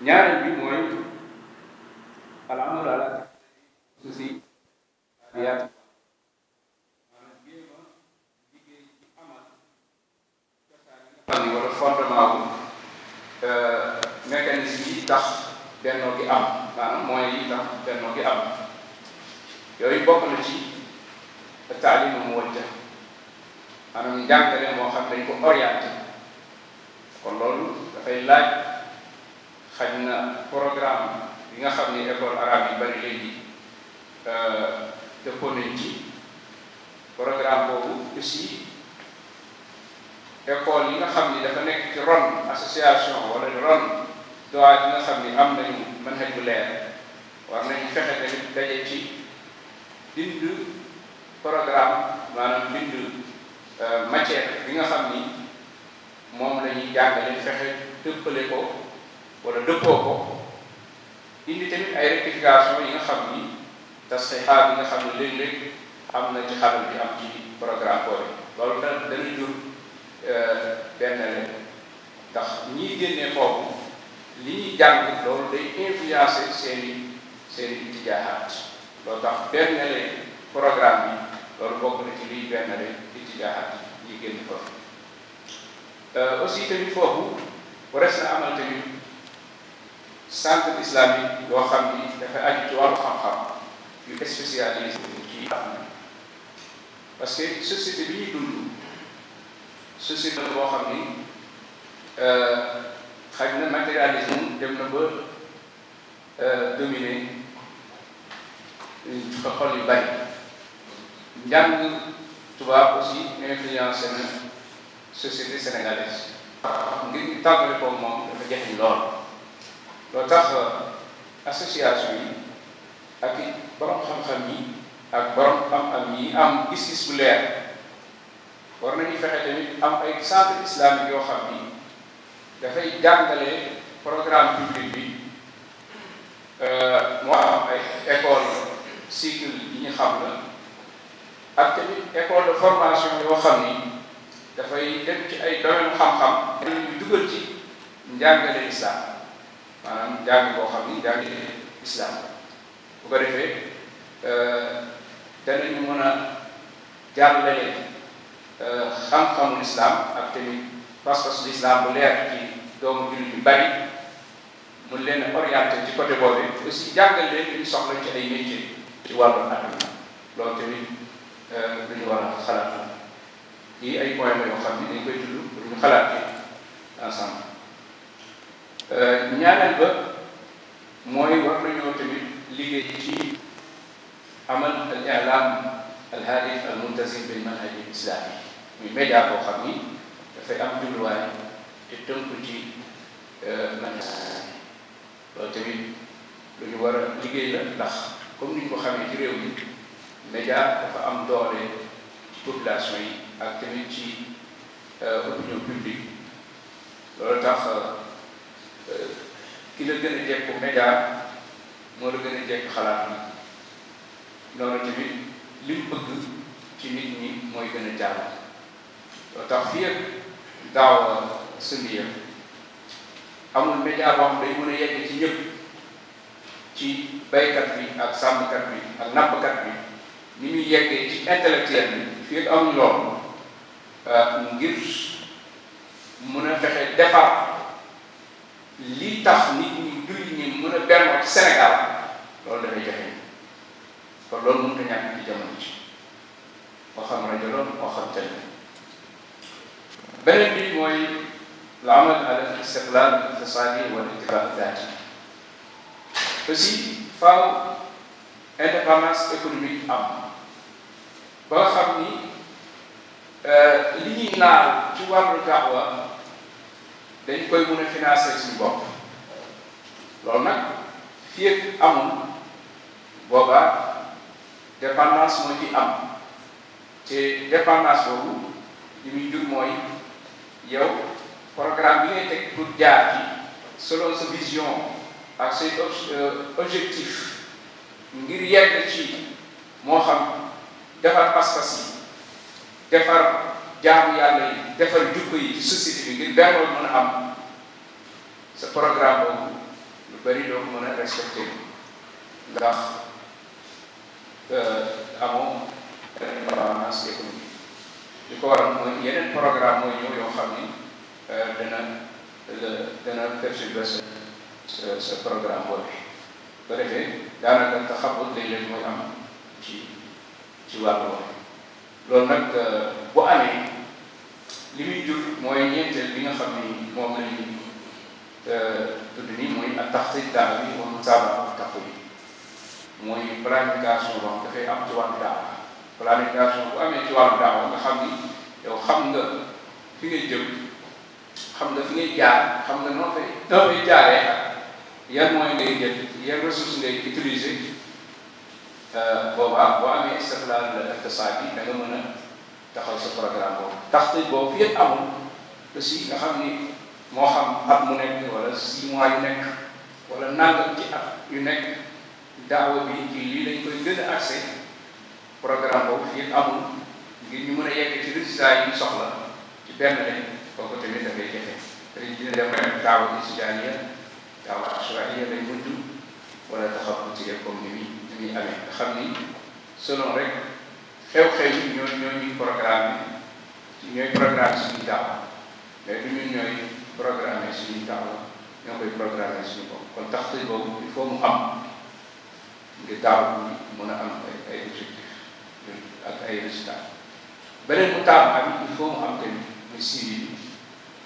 [SPEAKER 1] ñaareel bi mooy alhamdulilah su si yaat xam ni wala fondement bu mécanisme yi tax bennoo gi am maanaam moyens yi tax bennoo gi am yooyu bokk na ci taalim mu wajja maanaam njàngale moo xam dañ ko orienté kon loolu dafay laaj xaj na programme yi nga xam ni école arabe yi bari léegi euh, dëppoo nañ ci programme boobu aussi école yi nga xam ni dafa nekk ci ron association wala ron doit yi nga xam ni am nañu mën xaj bu leer war nañu fexe tamit daje ci bind programme maanaam bind Euh, matière bi nga xam ni moom lañuy ñuy jàngale fexe dëppale ko wala dëppoo ko indi tamit ay rectification yi nga xam ni tasxiixaat yi nga xam ne léeg-léeg am na ci xaral bi am ci programme boobu loolu da jur euh, benn ndax ñiy génnee foofu li ñuy jàng loolu day influencé seen i seen i tax benn leen programme loolu bokk na ci liy benn caaxaan yi yi génn foofu euh, aussi tamit foofu warees na amal tamit centre islamique yoo xam ni dafay aju ci wàllu xam-xam yu spécialisé ci xam na parce que bi ñuy dund société boo xam ni euh, xaj na matérialisme dem na ba euh, dominer xol yu bari njàng tubaab aussi influencé na société sénégalaise ngir ñu tàmbali ko moom dafa jafe lool loo tax euh, association yi ak i borom xam-xam yi ak borom xam-xam yi am gis-gis bu leer war nañu fexe tamit am ay centre islamique yoo xam ni dafay jàngale programme public bi euh, moo am ay école cycle yi ñu xam la ak tamit école de formation yoo xam ni dafay dem ci ay domaine xam-xam yu dugal ci njàngale islam maanaam njàng boo xam ni njàngale islam bu ko defee euh, danañu mën a jàllale euh, xam-xamu islam ak tamit pas-pasu islam bu leer ci doomu jullit yu bari mun leen orienté ci côté boobu aussi jàngal leen li ñu soxla ci ay métiers ci wàllu atam loolu tamit lu ñu war a xalaat la yi ay points la yoo xam ne dañ koy tudd pour ñu xalaat bi ensemble euh, ba mooy war nañoo tamit liggéey ci amal al i'lam al hadif al muntazim bil manhaj al islami muy média boo xam ni dafay am jubluwaay te tënku ci euh, manhaj loolu tamit lu ñu war a liggéey la ndax comme ni ñu ko ci média dafa am doole ci population yi ak tamit ci euh, opinion publique loolu tax euh, ki la gën a jekku média moo la gën a jekk xalaat na loolu tamit li mu ci nit ñi mooy gën a jàll loolu tax fii daaw suñu yëpp amul média boo xam day mën a yegg ñëpp ci baykat bi ak sàmmkat bi ak nappkat bi ni ñuy yeggee ci intellectuel bi fii ak amuñ euh, ngir mën a fexe defar li tax nit ñi julli ñi mën a benn ci Sénégal loolu dafay joxe kon loolu mënut a ñàkk ci jamono ji moo xam rajo la moo xam télé beneen bi mooy al-amal ala al-istiqlal al-iqtisadi wal intiba am ba nga xam ni euh, li ñuy naaw ci wàllu daawa dañ koy mën a financer suñu bopp loolu nag fii ak amul booba dépendance moo ci am te dépendance boobu li muy jur mooy yow programme bi ngay teg pour jaar ci selon sa ak say euh, objectif ngir yegg ci moo xam defar pas-pas yi defar jaamu yàlla yi defar jukko yi ci société bi ngir benn mën a am sa programme lu bari doo ko mën a respecté ndax euh, amoo indépendance économique li ko waral mooy yeneen programme mooy ñëw yoo xam ni euh, dana dana perturber sa sa programme boobu ba defee daanaka taxawul day leen mooy am ci ci wàllu loolu nag euh, bu amee li muy jur mooy ñeenteel bi nga xam ni moom la ñu euh, tudd nii mooy ak tax si daal bi moom saaba ak taxu yi mooy planification boo dafay am ci wàllu daaw planification bu amee ci wàllu daaw nga xam ni yow xam nga fi ngay jëm xam nga fi ngay jaar xam nga noo fay noo fay jaaree yan mooy ngay jël yan ressources ngay utiliser. boobaa boo amee istiqlaal iqtisaad bi da a sa programme boobu taxte boobu yëpp amul aussi nga xam ni moo xam at mu nekk wala six mois yu nekk wala nangam ci at yu nekk daawa bi ci lii lañ koy gën a accès programme boobu yëpp amul ngir ñu mën a yegg ci résultat yi ñu soxla ci benn lañ te dina dem rek daawa istijaaniya daawa ashraaiya lay wala taxaw ci comme ni bi amee nga xam ni selon rek xew-xew yi ñoo ñoo ñuy programme ñooy programme daaw mais du ñu ñooy programme suñu daaw ñoo koy programme suñu bopp kon tax boobu il faut mu am ngir daaw bi mën a am ay ay objectif ak ay résultat bu taamu am il faut mu am tamit muy suivi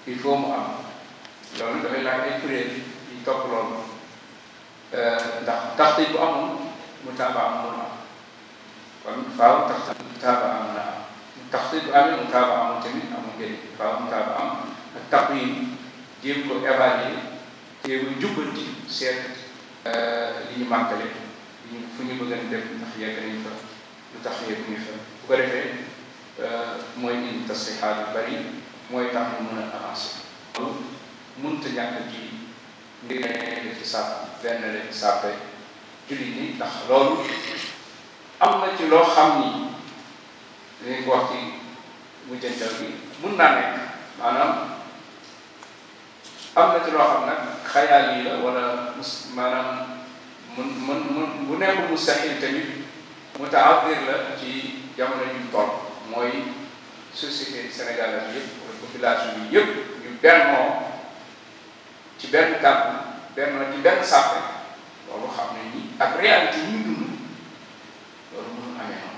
[SPEAKER 1] bi il faut mu am loolu dafay laaj ay kuréel topp loolu euh, ndax tax tey bu mutaabaa mun a am kon faaw tax mutaabaa mun a am tax bu amee mutaabaa amul tamit amul njëriñ faaw mutaabaa am ak tax yi jéem ko évaluer jéem ko jubbanti seet li ñu màggale fu ñu bëgg a def ndax yegg nañ lu tax yegg bu ko defee mooy indi tasixaat yu bari mooy tax ñu mën a avancer loolu mënut a ñàkk ji ngir ne ci sàpp benn rek sàppe jullit yi ndax loolu am na ci loo xam ni dañu ko wax ci bi mun na nekk maanaam am na ci loo xam nag xayaal yii la wala mus maanaam mun mun mun bu nekk mu saxil tamit mutaadir la ci jamono ñu toll mooy société sénégalaise yëpp wala population yi yëpp ñu bennoo ci benn kàddu bennoo ci benn sàppe loolu xam ne ni ak réalité yi ñu dund loolu mënu amee noonu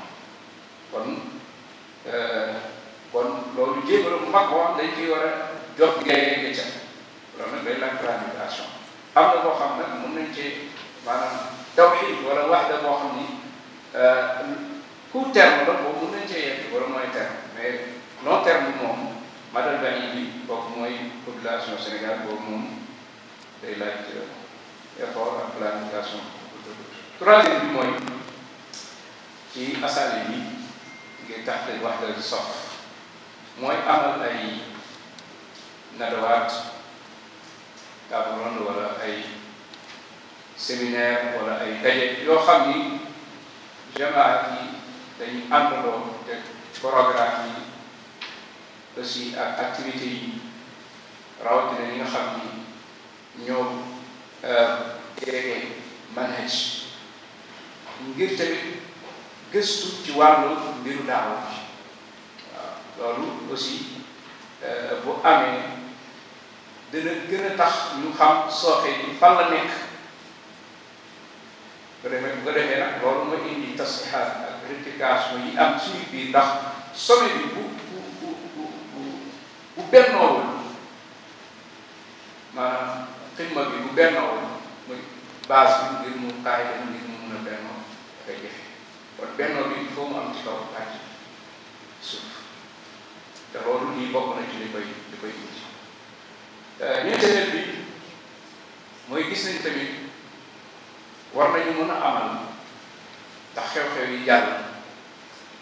[SPEAKER 1] kon euh, kon loolu jéegalo bu mag boo xam dañ ciy war a jox gaye nga ca loolu nag day laaj planification am na boo xam nag mën nañ ci maanaam tawxid wala waxda boo xam ni euh, court terme la boobu mën nañ cee yegg wala mooy terme mais long terme moom madal bani bi boobu mooy population Sénégal boobu moom day laaj euh, effort ak planification troisième bi mooy ci asali bi ngir taxte wax dal sof mooy amal ay nadawaat table ay séminaire wala ay daje yoo xam ni jamaat yi dañu àndandoo te programme yi aussi ak activités yi rawatina ñi nga xam ni ñoom délégué euh, manhaj ngir tamit gëstu ci wàllu mbiru daawa bi waaw loolu aussi euh, bu amee dana gën tax ñu xam sooxe yi fan la nekk bu defee bu ko defee nag loolu mooy indi tasixaat ak rectification yi am suñu biir ndax sommet bi bu bu bu bu bu bennoowul maanaam xidma bi bu bennoo muy base bi ngir mu kaay dañu ngir mu mun a bennoo dafay jafe kon bennoo bi il faut mu am ci kaw ak ci te loolu lii bokk na ci li koy li koy indi euh, ñetteel bi mooy gis nañ tamit war nañu mun a amal ndax xew-xew yi jàll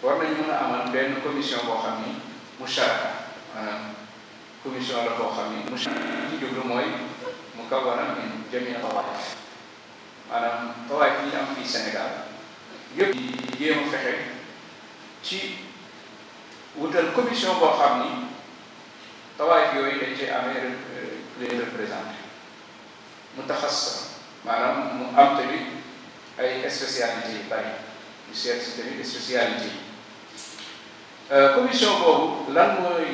[SPEAKER 1] war nañu mën a amal benn commission boo xam ni musharaka maanaam commission la boo xam ni musharaka li ci jublu mooy مكونة من جميع الطوائف maanaam tawaayif yi am fii Sénégal yëpp yi jéem a fexe ci wutal commission boo xam ni tawaayif yooyu dañ cee amee euh, les mu taxas maanaam mu am tamit ay spécialité yu bari ñu seet si tamit spécialité yi euh, commission boobu lan mooy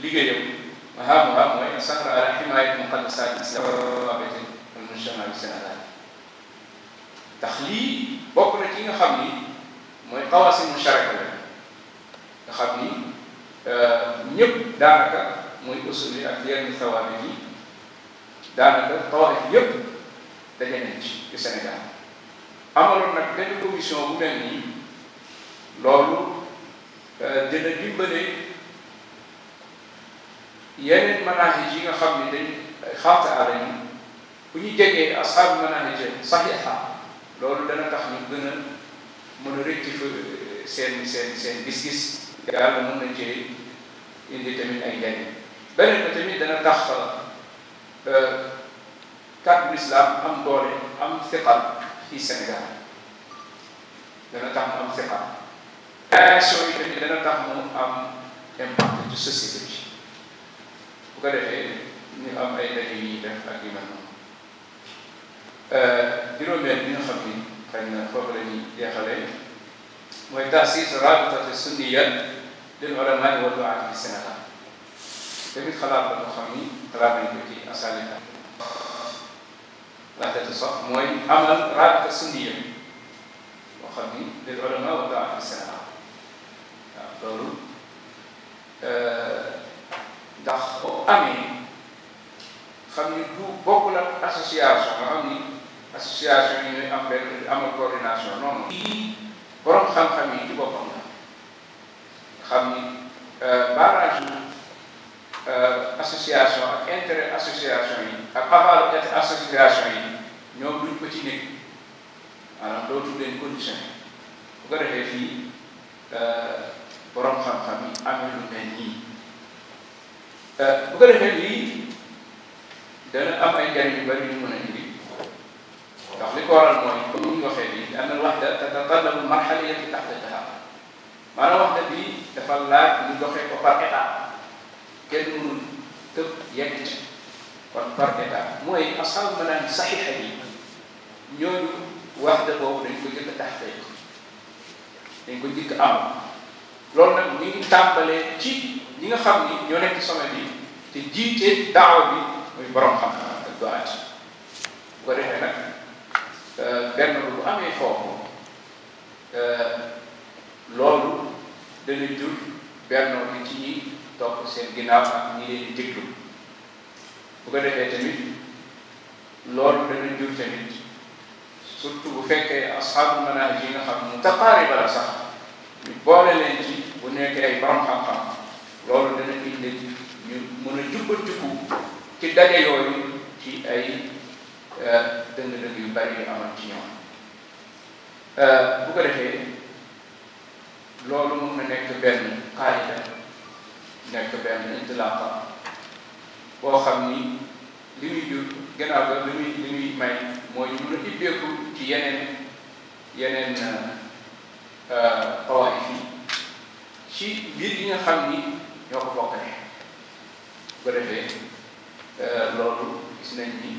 [SPEAKER 1] liggéeyam mahaamuha mooy asahra ala himayati muqaddasati islam rabatin al mujtama al Sénégal ndax lii bokk na ci nga xam ni mooy xawaasi musharaka la nga xam ni ñëpp daanaka muy usuli ak yenn sawaabi yi daanaka tawaarif yëpp daje nañ ci ci Sénégal amaloon nag benn commission bu mel nii loolu eh, dina dimbale yeneen manahij yi nga xam ne dañ xaata lañu bu ñu jegee a manahij saxiixa loolu dana tax ñu gën a mën a rectifier eh, seen seen seen gis-gis yàlla mën tamit ay njariñ beneen ba tamit dana tax eh, kàddu lislaam am doole am siqal fii Sénégal dana tax am siqal réaction yi tamit tax mu am impact ci société bi bu ko defee ñu am ay daje yi def ak yu mel noonu euh, juróomeel bi nga xam ni xëy na foofu la ñuy jeexalee mooy tasis rabitati a lil ulama wa du'aat fi Sénégal tamit xalaat la nga xam ni xalaat nañ ko ci asalika laajate sox mooy amal rabita sunniya boo xam ni lil ulama wa du'aat fi Sénégal waaw loolu euh, ndax bu amee xam ni du bokkul ak association nga xam ni association yi ñooy am benn amal coordination noonu yii borom xam-xam yi ci boppam la xam ni euh, barrage euh, association ak intérêt association yi ak aval association yi ñoom duñ ko ci nekk maanaam dootu leen condition bu ko defee fii euh, borom xam-xam yi amee lu mel nii Euh, bu ko defee lii am ay njariñ yu bari yu mën a indi ndax li ko waral mooy comme ni ñu waxee nii am na waxda tatatallabu marxaliyati taxtataha maanaam waxda bi dafa laaj ñu doxee ko par étape kenn mënul tëb ci kon par mooy asal maanaam saxiixa yi ñooñu waxda boobu dañ ko jëkk taxtay dañ ko jëkk am loolu nag ñu ngi tàmbalee ci ñi nga xam ni ñoo nekk ci sommet bi te jiite daawa bi muy borom xam ak doaat bu ko defee nag euh, benn bu amee foofu euh, loolu dana jur benn ni ci ñi topp seen ginnaaw ak ñi leen di déglu bu ko defee tamit loolu dana jur tamit surtout bu fekkee asxaabu manage yi nga xam ne mutaqaariba la sax ñu boole leen ci bu nekkee ay borom xam loolu dana indi ñu mën a jubbantiku ci daje yooyu ci ay euh, dëng-dëng yu bari yu amal ci ñoom euh, bu ko defee loolu mun na nekk benn xaayida nekk benn intilaqa boo xam ni li muy jur gannaaw ga li muy li muy may mooy ñu mën a ibbeeku ci yeneen yeneen euh, tawaayif yi ci mbir yi nga xam ni ñoo ko bokk euh, loolu gis nañ ni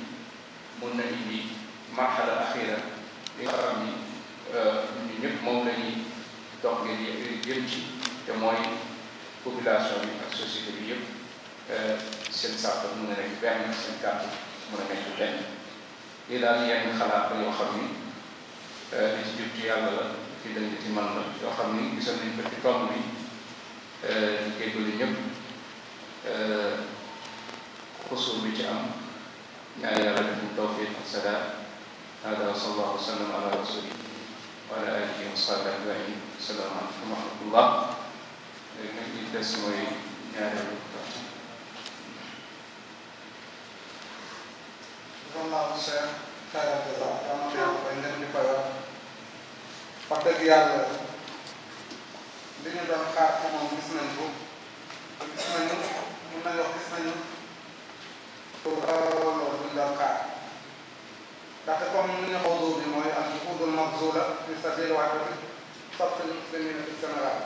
[SPEAKER 1] mun na indi marxala axira li nga mi ni euh, ñu ñëpp moom la ñuy dox ngeen jëm ci te mooy population bi ak société bi yëpp euh, seen sàpp mun na nekk benn seen kàtt mun a nekk benn lii daal yenn xalaat yoo xam ni li ci jub la ci dëng ci man la yoo xam ni gisoon nañ ko ci tomb bi Euh, ñu koy julli ñëpp euh, xusuur bi ci am ñaan yàlla def ñu tawfiq ak sadaa hada sallallahu wa sallam ala rasuli wa ala alihi wa sahbihi ajmain assalaamu aleykum wa rahmatullah léegi nag li des mooy
[SPEAKER 3] ñaareelu vraiment monsieur Thierno Diallo am na ko wax wax dëgg yàlla li ñu doon xaar ko moom gis nañ ko nañu mun nañu wax gis nañu pour loolu li ñu doon xaar ndaxte comme ni ñu xawdoo bi mooy am xuudul mabzula fi sabil waxati sotti muslimina fi Sénégal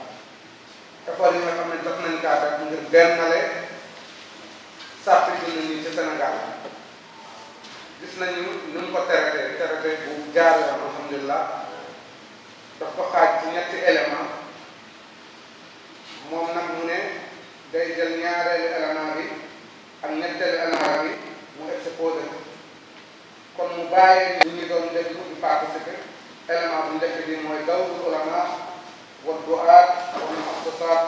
[SPEAKER 3] effort yi nga xam ne def nañ kaa def ngir bennale sàppi dund ñi ci Sénégal gis nañu nu ñu ko terete terete bu jaar yoon alhamdulilah daf ko xaaj ci ñetti élément moom nag mu ne day jël ñaareelu élément bi ak ñetteelu mu exposé kon mu bàyyi li ñu doon déglu di participer élément bu njëkk bi mooy dawru ulama wa duaat wa muassasat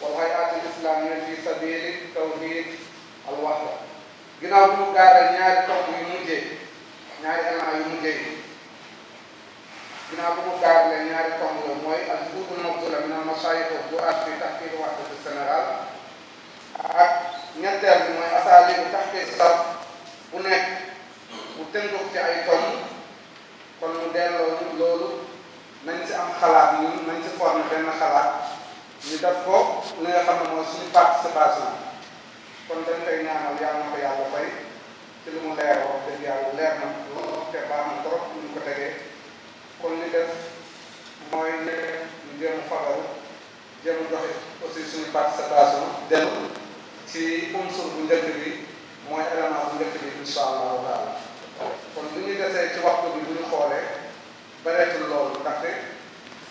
[SPEAKER 3] wal hay'at al islamiyya fi sabili tawhid al wahda ginnaaw bu mu gaaral ñaari topp yu mujjee ñaari élément yu ginnaaw bu mu gaarle ñaari tomb mooy al fuutu mabdula min al masayix wa duaat fi tahqiq waxdati Sénégal ak ñetteel bi mooy asaalibu tahqiq saf bu nekk bu tënku ci ay tomb kon mu delloo ñu loolu nañ ci am xalaat ñun nañ ci forme benn xalaat ñu def ko li nga xam ne mooy suñu participation kon dañ koy ñaanal yàlla na ko yàlla bay ci li mu leer wax dëgg yàlla leer na te baax na trop ñu ko tegee. kon li def mooy ne ñu jéem fagaru jéem joxe aussi suñu participation dem ci unsur bu njëkk bi mooy élément bu njëkk bi incha allahu kon li ñuy desee ci waxtu bi bu xoolee bareetul loolu ndaxte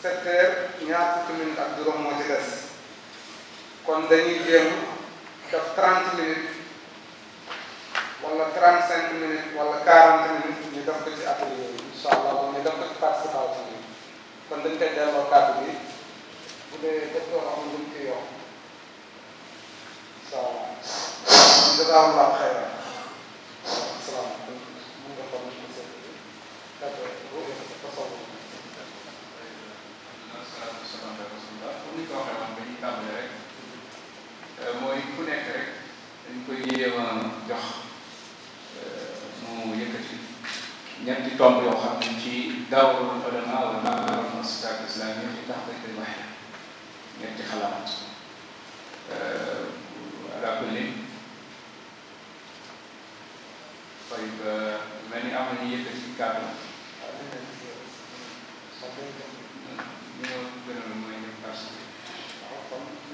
[SPEAKER 3] sept heures ñaar fukki minutes ak juróom moo ci des kon dañuy jéem def trente minutes wala trente cinq minutes wala quarante minutes ñu def ko ci atelier yi incha allah wala ñu def ko ci participation yi kon dañ koy delloo kàddu bi bu dee def loo xam ne duñ koy yokk incha allah jazakumullah xayran asalaamaaleykum mën nga
[SPEAKER 1] xam ne mooy ku nekk rek dañ koy yéema jox mu yëkkati ñetti tomb yoo xam ne ci daawul ulama wala daawul muassisat islamiyya fi tahqiq al-wahya ñetti xalaat euh, ala kulli طيب mel ni am na ñu yëkkati kàddu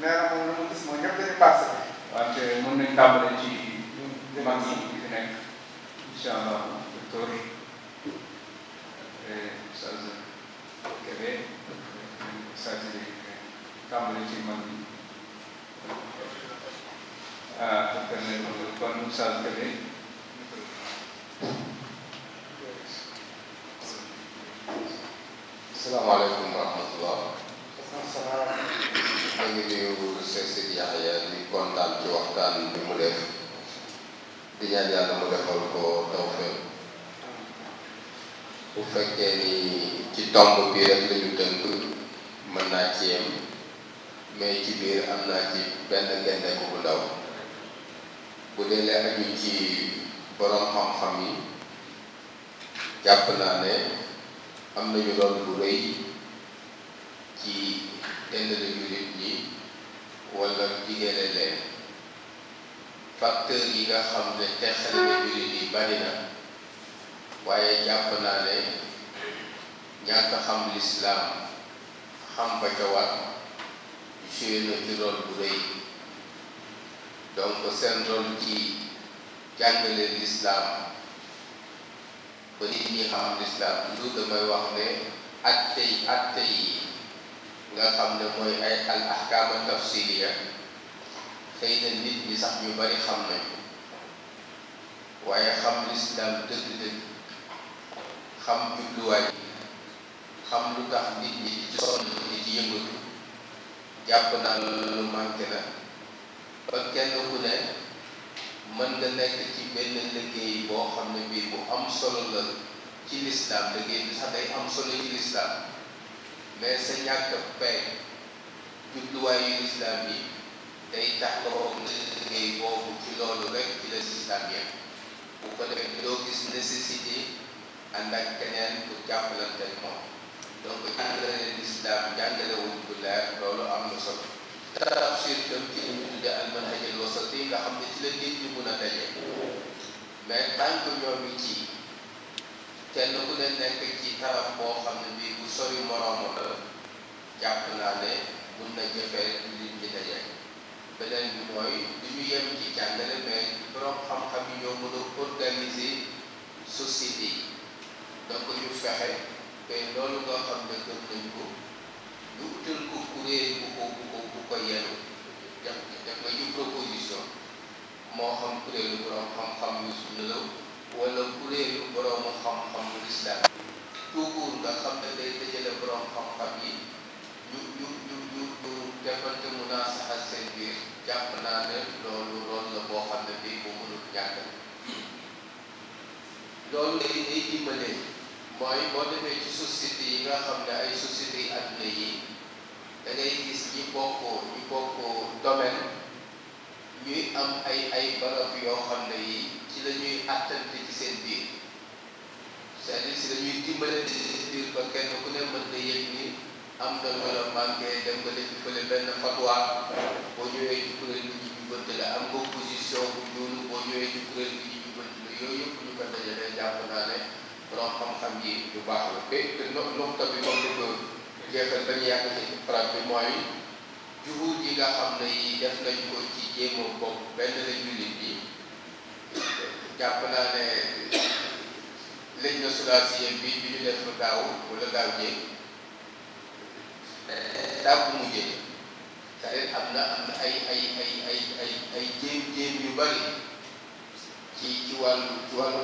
[SPEAKER 3] nee na moom lu mu gis mooy ñëpp dañu passé.
[SPEAKER 1] wante mën nañu tàmbale ci mag ñi fi nekk. incha allah docteur après Oustaz Kébé Oustaz tàmbali ci man bi ah docteur Kébé
[SPEAKER 4] di ñaan yàlla mu defal ko tawfeex bu fekkee ni ci tomb bi rek la ñu tënk naa ci yem mais ci biir am naa ci benn gendeeku bu ndaw bu dee la aju ci borom xam-xam yi jàpp naa ne am nañu lool bu rëy ci dend lañu nit ñi wala jigéene facteur yi nga xam ne teqale na jullit yi bari na waaye jàpp naa ne ñàkk xam lislaam xam ba ca war joué na ci rôle bu rëy donc seen rôle ci jàngale lislaam ba nit ñi xam lislaam lu damay wax ne atte yi atte yi nga xam ne mooy ay al ahkaama tey na nit ñi sax ñu bari xam nañu waaye xam lislaam dëgg-dëgg xam jubluwaay xam lu tax nit ñi di ci sonn di yëngatu jàpp naa lu manqué la ba kenn ku ne mën nga nekk ci benn liggéey boo xam ne bii bu am solo la ci lislaam liggéey bi sax day am solo ci lislaam mais sa ñàkk pay jubluwaayu lislaam yi day tax nga foog ne liggéey boobu ci loolu rek ci la système yëpp bu ko defee doo gis nécessité ànd ak keneen pour jàppalante moom donc jàngale lislaam jàngale bu leer loolu am na solo tafsir tam ci li ñu tuddee al manhaj al wasati nga xam ne ci la nit ñi mun a daje mais tant que ñoo ngi ci kenn ku ne nekk ci taraf boo xam ne bii bu sori moroomam la jàpp naa ne mun na jëfee li ñu daje beneen bi mooy du ñu yem ci jàngale mais borom xam-xam yi ñoo mën a organiser yi donc ñu fexe te loolu nga xam ne gëm nañ ko ñu utal ko kuréel bu ko bu ko bu ko yelu def def proposition moo xam kuréelu borom xam-xam yu sunna la wala kuréelu borom xam-xam lislaam tuukuur nga xam ne day dajale borom xam-xam yi ñu ñu ñu ñu defante mu naa saxal jàpp naa ne loolu loolu la boo xam ne bii bu mënul ñàkk loolu li ñuy dimbale mooy boo demee ci société yi nga xam ne ay société yi adduna yi da gis ñi bokk ñi bokk domaine ñuy am ay ay barab yoo xam ne yi ci la ñuy attante ci seen biir c'est-à-dire si la ñuy ci seen biir ba kenn ku ne mën na yëg ni am nga loola manqué dem nga def fële benn fatwa boo ñëwee ci kuréel bi ñu jubbanti la am nga bu ñuul boo ñëwee ci kuréel bi ñu jubbanti la yooyu yëpp ñu ko dajalee jàpp naa ne borom xam-xam yi yu baax la te te nokta bi moom li ko jeexal bañu yàgg ci farat bi mooy juhur yi nga xam ne yi def nañ ko ci jéema bopp benn la jullit yi jàpp naa ne léegi na sulaas yi bi ñu def daaw wala daaw jéeg étape mu jël cest am na am na ay ay ay ay ay yu bari ci ci wàllu ci wàllu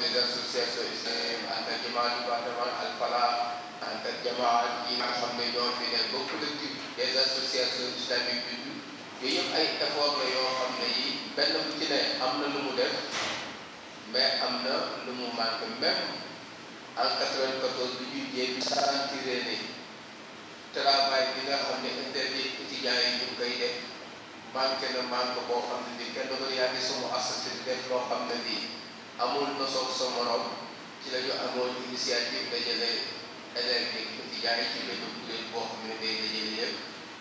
[SPEAKER 4] des associations islamiques ànd ak jamaa département Al Falah ànd ak jamaa yi nga xam ne ñoo fi des associations islamiques du yooyu yëpp ay effort la yoo xam ne yi benn bu ci ne am na lu mu def mais am na lu mu manqué même en 94 bi ñuy jéem sentiré travail bi nga xam ne interdit étudiants yi ñu ngi koy def manqué na manque boo xam ne bii kenn doon yaa ngi sama association def loo xam ne bii amul na soog sa morom ci la ñu amoon initiative dajale élèves yi étudiants yi ci benn kuréel boo xam ne day dajale yëpp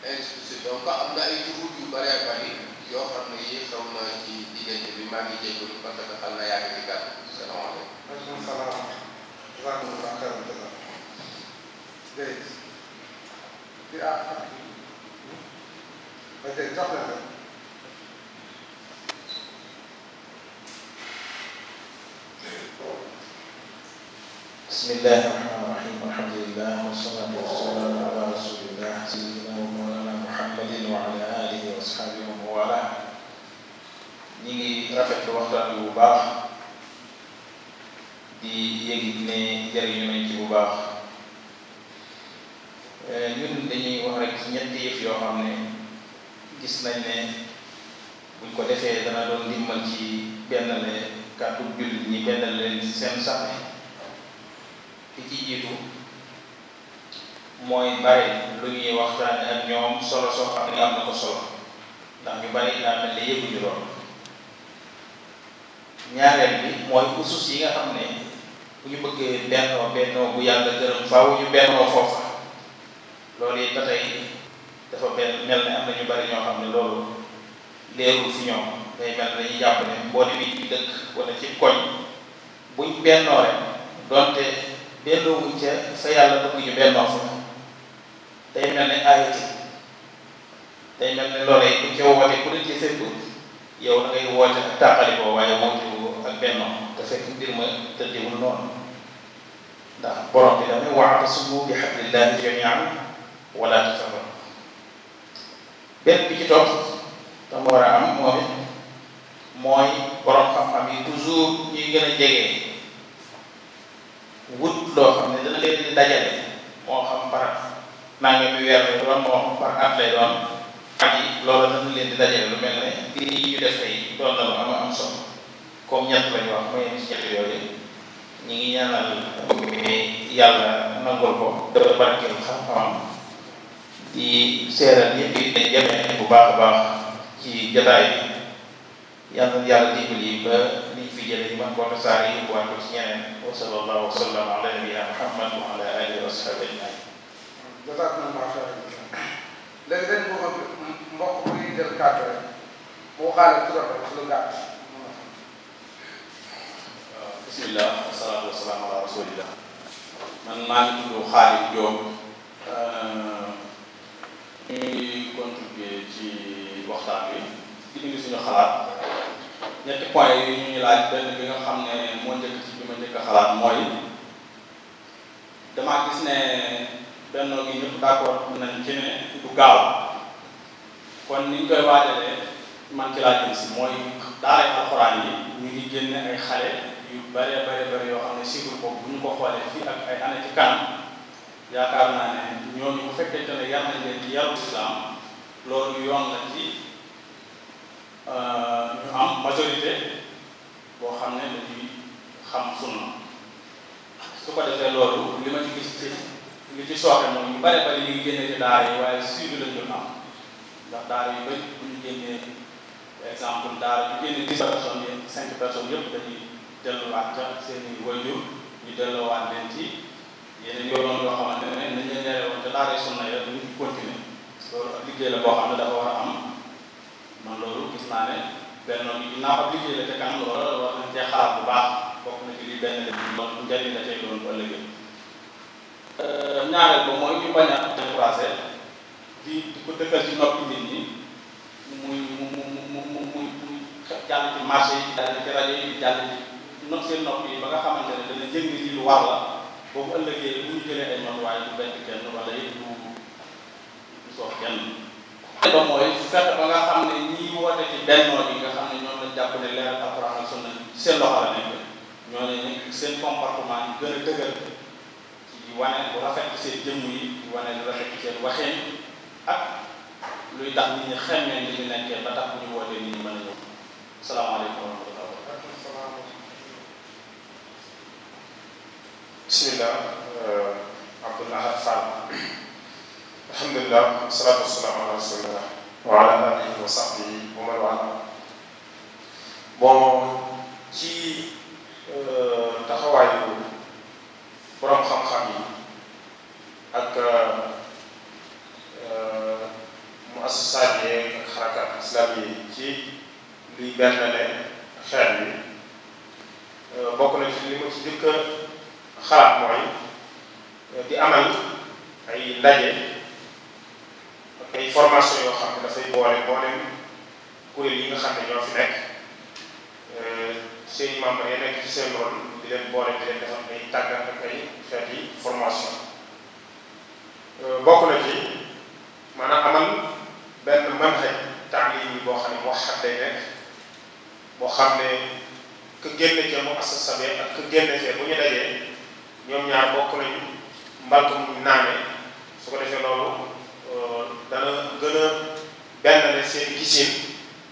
[SPEAKER 4] institution donc am na ay dugub yu bare bari yoo xam ne yii xaw na ci diggante bi maa ngi jégalu parce que xam na yaa ngi ci gàtt salaamaaleykum. maaleykum salaam.
[SPEAKER 3] في آخر فتنتقل
[SPEAKER 5] بسم الله الرحمن الرحيم الحمد لله والصلاة والسلام على رسول الله سيدنا ومولانا محمد وعلى آله وأصحابه ومن والاه ñi ngi rafetlu waxtaan bi bu baax di yëg ne jëriñu nañ ci bu baax Euh, ñun dañuy wax rek ci ñetti yëf yoo xam ne gis nañ ne buñ ko defee dana doon dimbal ci benn le kàddu jullit ñi benn leen
[SPEAKER 6] seen sax
[SPEAKER 5] ki ci jiitu mooy bari lu ñuy waxtaane ak ñoom solo soo xam ne am na ko solo ndax ñu bari daa mel ne yëguñu lool ñaareel bi mooy usus yi nga xam ne bu ñu bëggee bennoo bennoo bu yàlla gërëm faaw ñu bennoo foofa loolu it ba tey dafa benn mel ne am na ñu bari ñoo xam ne loolu leerul si ñoom day mel ne dañuy jàpp ne boo demee dëkk wala ci koñ buñ bennoo rek donte bennoo wuñ ca sa yàlla bëgguñu bennoo fa day mel ne ayati day mel ne loolee ku ca woote ku dul ci seen yow da ngay woote ak tàqalikoo waaye wootewu ak bennoo te fekk mbir ma tëddiwul noonu ndax borom bi dañuy wax sumu bi hablillahi jami'an wala ci safar benn bi ci topp te a am moom it mooy borom xam-xam yi toujours gën a jege wut loo xam ne dana leen dajale moo xam par naa ngi weer lay moo xam par at lay doon at yi loolu dana leen di dajale lu mel ne lii ñu def tey doon na lu am am solo comme ñett lañu wax mooy ci ñett yooyu ñu ngi ñaanal yàlla nangul ko dafa barkeel xam ci seeral yëpp yi dañ demee bu baax a baax ci jataay bi yàlla na yàlla dimbali ba liñ fi jëlee ñu mën koo tasaar yi bu wàllu ci ñeneen wa sallallahu wa sallam ala nabiyina muhammad wa ala alihi wa sahbihi ajmain
[SPEAKER 3] léegi dañ ko mbokk buy jël kàddu rek boo xaale ci rafet wax lu gàtt bismillah
[SPEAKER 6] wasalaatu wasalaam ala rasulillah man maa ngi tudd Xaalid Diop ñu ngi contribuer ci waxtaan bi di indi suñu xalaat ñetti point yi ñu ñu laaj benn bi xam ne moo njëkk ci bi ma njëkk a xalaat mooy damaa gis ne benn gi ñëpp d'accord nañ ci ne du gaaw kon ni ñu koy waajale man ci laaj si mooy daaray alxuraan yi ñu ngi génne ay xale yu bare bare bare yoo xam ne cycle boobu bu ñu ko xoolee fii ak ay année ci kanam yaakaar naa ne ñooñu bu fekkente ne yar nañ leen ci yaru islam loolu yoon la ci euh, ñu am majorité boo xam ne dañuy xam sunna su ko defee loolu li ma ci gis ci li ci sooxe moom ñu bare bari ñu ngi génnee ci daara yi waaye suivi lañ doon am ndax daara yu bëri bu ñu génnee exemple daara yu génne dix personnes yi cinq personnes yëpp dañuy delluwaat ca seen i wajur ñu delluwaat leen ci yenn yoon yoo xamante ne nañ leen leeral woon te daara sunna ya ñu continuer loolu ab liggéey la boo xam ne dafa war a am man loolu gis naa ne benn ginnaaw ab liggéey la te kan loolu war nañ cee xalaat bu baax bokk na ci li benn la doon njëriñ la cay doon ba léegi euh, ñaareel ba mooy ñu bañ a découragé di di ko dëkkal ci noppi nit ñi muy mu mu mu mu muy jàll ci marché yi jàll ci rajo yi jàll ci nopp seen nopp yi ba nga xamante ne dana jëng ci lu war la boobu ëllëgee bu ñu jëlee ay matuwaay bu kenn wala yëpp du du soof kenn. ba mooy fexe ba nga xam ne ñiy woote ci bennoo bi nga xam ne ñoom lañ seen loxo nekk ñoo ne seen comportement ñu gën a dëgër ci wane bu rafet ci seen jëmm yi wane lu rafet ci waxeen ak luy tax nit ñi xemmee ni ñu nekkee ba tax bu ñu wootee nit ñi mën a
[SPEAKER 7] bismillah eh, Abdoul Ahad Fall alhamdulilah wasalaatu wasalaamu ala rasulillah wa ala alihi wa sahbihi wa man wala bon ci eh, taxawaayu borom xam-xam yi ak eh, mu association yi ak xarakaat islam yi ci liy benn ne xeet bi bokk na ci li ma ci jëkk xalaat mooy di amal ay ndaje ak ay formation yoo xam ne dafay boole booleem kuréel yi nga xam ne ñoo fi nekk euh, seen membres yi nekk ci seen rôle di leen boole di leen defal ay tàggat ak ay xeeti formation euh, bokk na ci maanaam amal benn mën xëy taalim yi boo xam ne wax xat day nekk xam ne ku génn cee mu asasabee ak ku génn cee bu ñu dajee ñoom ñaar bokk nañu mbalk mu naanee su ko defee loolu euh, dana gën a bennale seen gisin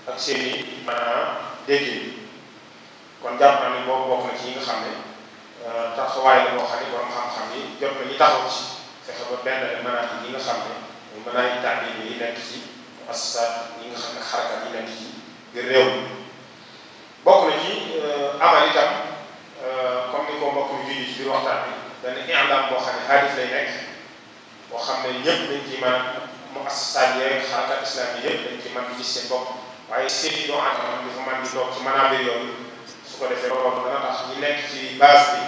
[SPEAKER 7] ak seen i maanaam déggin kon jàpp na ni bokk na ci yi ne euh, taxawaay la boo xam ne borom xam-xam yi jot na ñu taxaw ci fexe ba bennale maanaam yi ne maanaam yi tàmbali yi nekk ci assaat yi nga xam ne xarakat yi nekk ci biir bokk na ci euh, amal Euh, comme ni ko mbokk yu junj ci biir waxtaan bi dana i'lam boo xam ne xaalis lay nekk boo xam ne ñëpp dañ ci mën mu assaat yooyu xarakaat islam yi yëpp dañ ci mën di gis seen bopp waaye seen i doxaan man dafa mën di toog ci manaabir yooyu su ko defee loolu dana tax ñi nekk ci base bi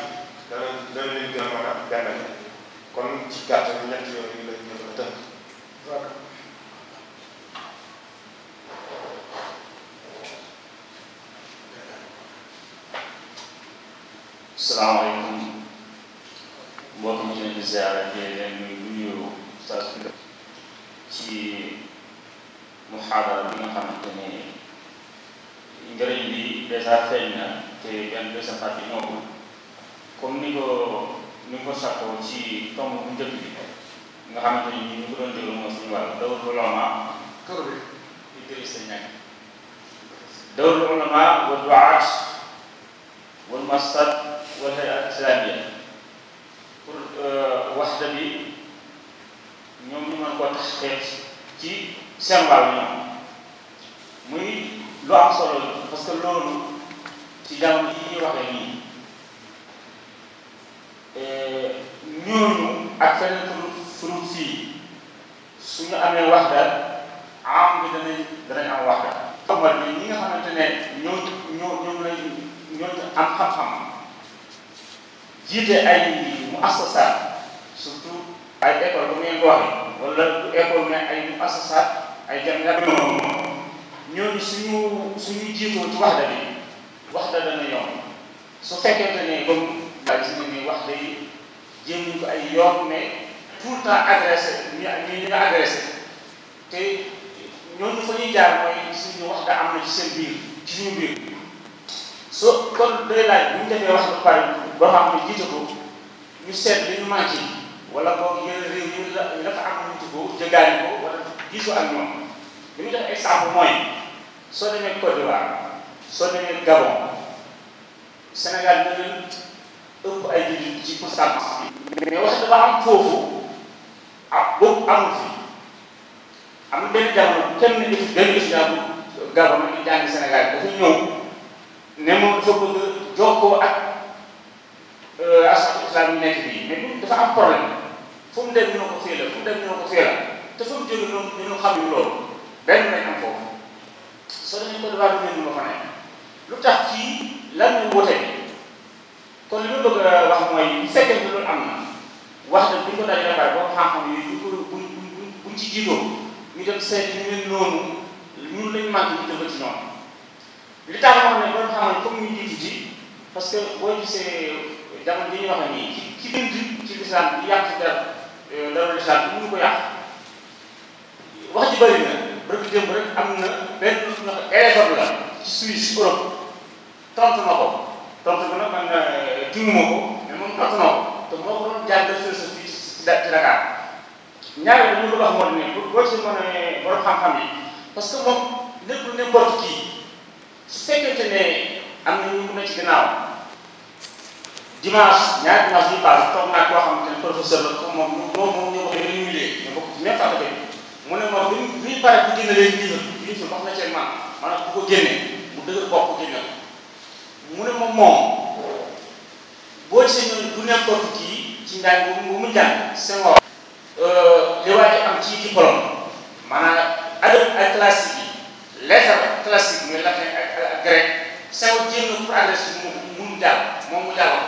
[SPEAKER 7] dana dana leen gën a mën a benn kon ci gàttal ñett yooyu
[SPEAKER 2] salaamaaleykum mbokk mi leen di ziare di leen nuyu ci muhaadara bi nga xamante ni njëriñ bi dèjà feeñ na te benn bés a fàtte ñëw comme ni ko ni ko sàkkoo ci tomb bu njëkk bi nga xamante ni ñu ko doon déglu mooy suñu wàll dawul bu loma kër bi Idriss ñàkk dawul bu loma wa duaat wal masad wala islamiya pour waxta bi ñoom ñu mën koo tax ci seen wàll ñoom muy lu am solo la parce que loolu ci jamono yi ñuy waxee nii eh, ñooñu ak feneen pour pour fii suñu amee wax am bi danañ danañ am wax daal. xamal ni ñi nga xamante ne ñoo ñoo ñoom lañ ñoo am xam-xam. jiite ay mu assasaat surtout ay école bu ngeen ko waxee wala du école ay mu assasaat ay jàngat ñooñu ñooñu suñu suñu jiitoo ci wax da ne wax da dana yomb su fekkente ne comme laaj si ni wax da yi jéem ñu ay yoon mais tout le temps agressé ñu ñu ñu agressé te ñooñu fa su jaar mooy suñu wax da am na ci seen biir ci suñu biir. so kon day laaj bu ñu pare ba xam ne jiite ko ñu seet li ñu manqué wala boog yeneen réew yi la la fa am ñu ko jëgaale ko wala diisoo ak li ñu def exemple mooy soo demee Côte d'Ivoire soo demee Gabon Sénégal ñu leen ëpp ay jullit ci pourcentage bi mais wax dafa am foofu ak boobu amul fi am benn jamono kenn nit benn gis-gis Gabon ñu jàngi Sénégal dafa ñëw. ne moom dafa bëgg jokkoo ak euh, askan islam nekk bii mais bu dafa am problème fu mu dem ñu ko fii la fu mu dem ñu ko te fu mu jógee yu loolu benn nañ am foofu soo demee ko dafa mel ni ma fa nekk lu tax kii lan ñu wute kon li ma bëgg a wax mooy bu fekkee ne loolu am wax dëgg bu ñu ko dajalee bari boo xam-xam yi ñu ko buñ buñ buñ ci jiitoo ñu dem seet ñu leen noonu ñun lañ màgg ñu dëgg ci noonu li tax ma ne borom xam-xam comme ñu ji parce que boo gisee jamono ji ñu wax nii ci ci bind ci lislaam yàq ci dara euh, dara lislaam bi mënu ko yàq wax ji bëri na bëri démb rek am na benn na ko élève la ci Suisse Europe tontu na ko tontu bi nag man timmuma euh, ko mais moom tontu na ko te moo ko doon jàngal sa fii ci Dakar ñaareel ñu ko wax moo ne boo ci mën a borom xam-xam yi parce que moom lépp lu ne mbott kii su fekkente ne am na ñu ne ci ginnaaw dimanche ñaari dimanche yu paase toog naa koo xamante ne professeur la comme moom moom moom ñoo ko defee ñu ngi ñu bokk ci même faculté mu ne moom bi ñu bi ñu paree bu génne leen livre livre wax na ci man maanaam bu ko génnee mu dëgër bopp génne mu ne moom moom boo gisee ñun du nekkoon kii ci njàng bu mu njàng seen wàll. li waaye am ci diplôme maanaam adab ak classique yi lettre classique muy latin grec saw jéem na pour ànd si mu mu daal moom mu daal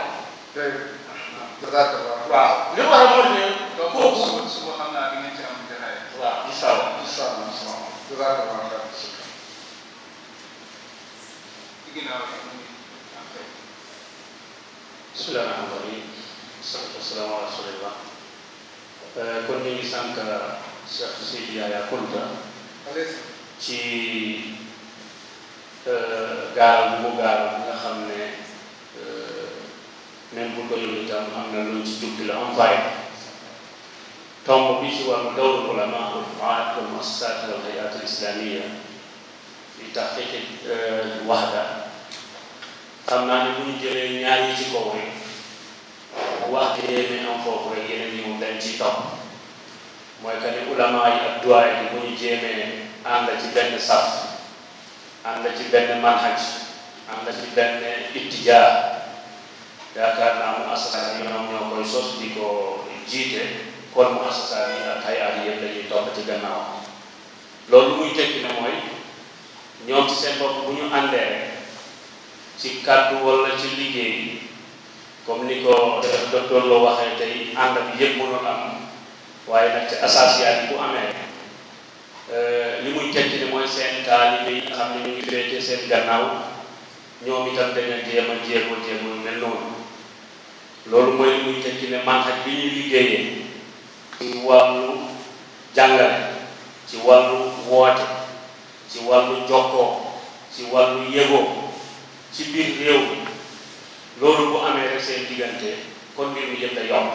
[SPEAKER 3] waaw li war a mën a kooku
[SPEAKER 2] suba xam naa
[SPEAKER 1] dinañ ci am jotaay waaw incha allah incha allah ginnaaw
[SPEAKER 2] bismillah rahmaan rahim salaatu wasalaamu ala rasulillah euh, kon ñu ngi sànq Cheikh Seydi Yaya Kounta Euh, gaaral mu gaaral nga xam ne euh, même bu ko yónni tam am na luñ ci jublu la envoyé tomb ci wàllu dawru ulama al fuqaha wal muassasat wal hayat al islamiyya fi tahqiq al euh, wahda xam naa ne bu ñu jëlee ñaar yi ci kaw rek wax yéeme am foofu rek yeneen yi moom dañ ciy topp mooy que ne ulama yi ak duwaay yi bu ñu jéemee ànd ci benn saf ànd ci benn manhaj ànd ci benn ittijaa yaakaar naa mu asasaat yi ñoom ñoo koy sos di ko jiite kon mu asasaat yi ak ay at yëpp lañuy topp ci gannaaw loolu muy tekki ne mooy ñoom ci seen bopp bu ñu àndee ci kàddu wala ci liggéey comme ni ko docteur loo waxee tey ànd bi yëpp mënoon am waaye nag ci asaasiyaat yi bu amee Euh, li muy tekki ni mooy seen taalibe yi xam ne ñu ngi féete seen gannaaw ñoom itam dañu jéem a jéem a jéem a mel noonu loolu mooy li muy tekki ne manhaj bi ñuy liggéeyee ci wàllu jàngale ci wàllu woote ci wàllu jokkoo ci wàllu yegoo ci biir réew loolu bu amee rek seen diggante kon mbir mi yëpp da yomb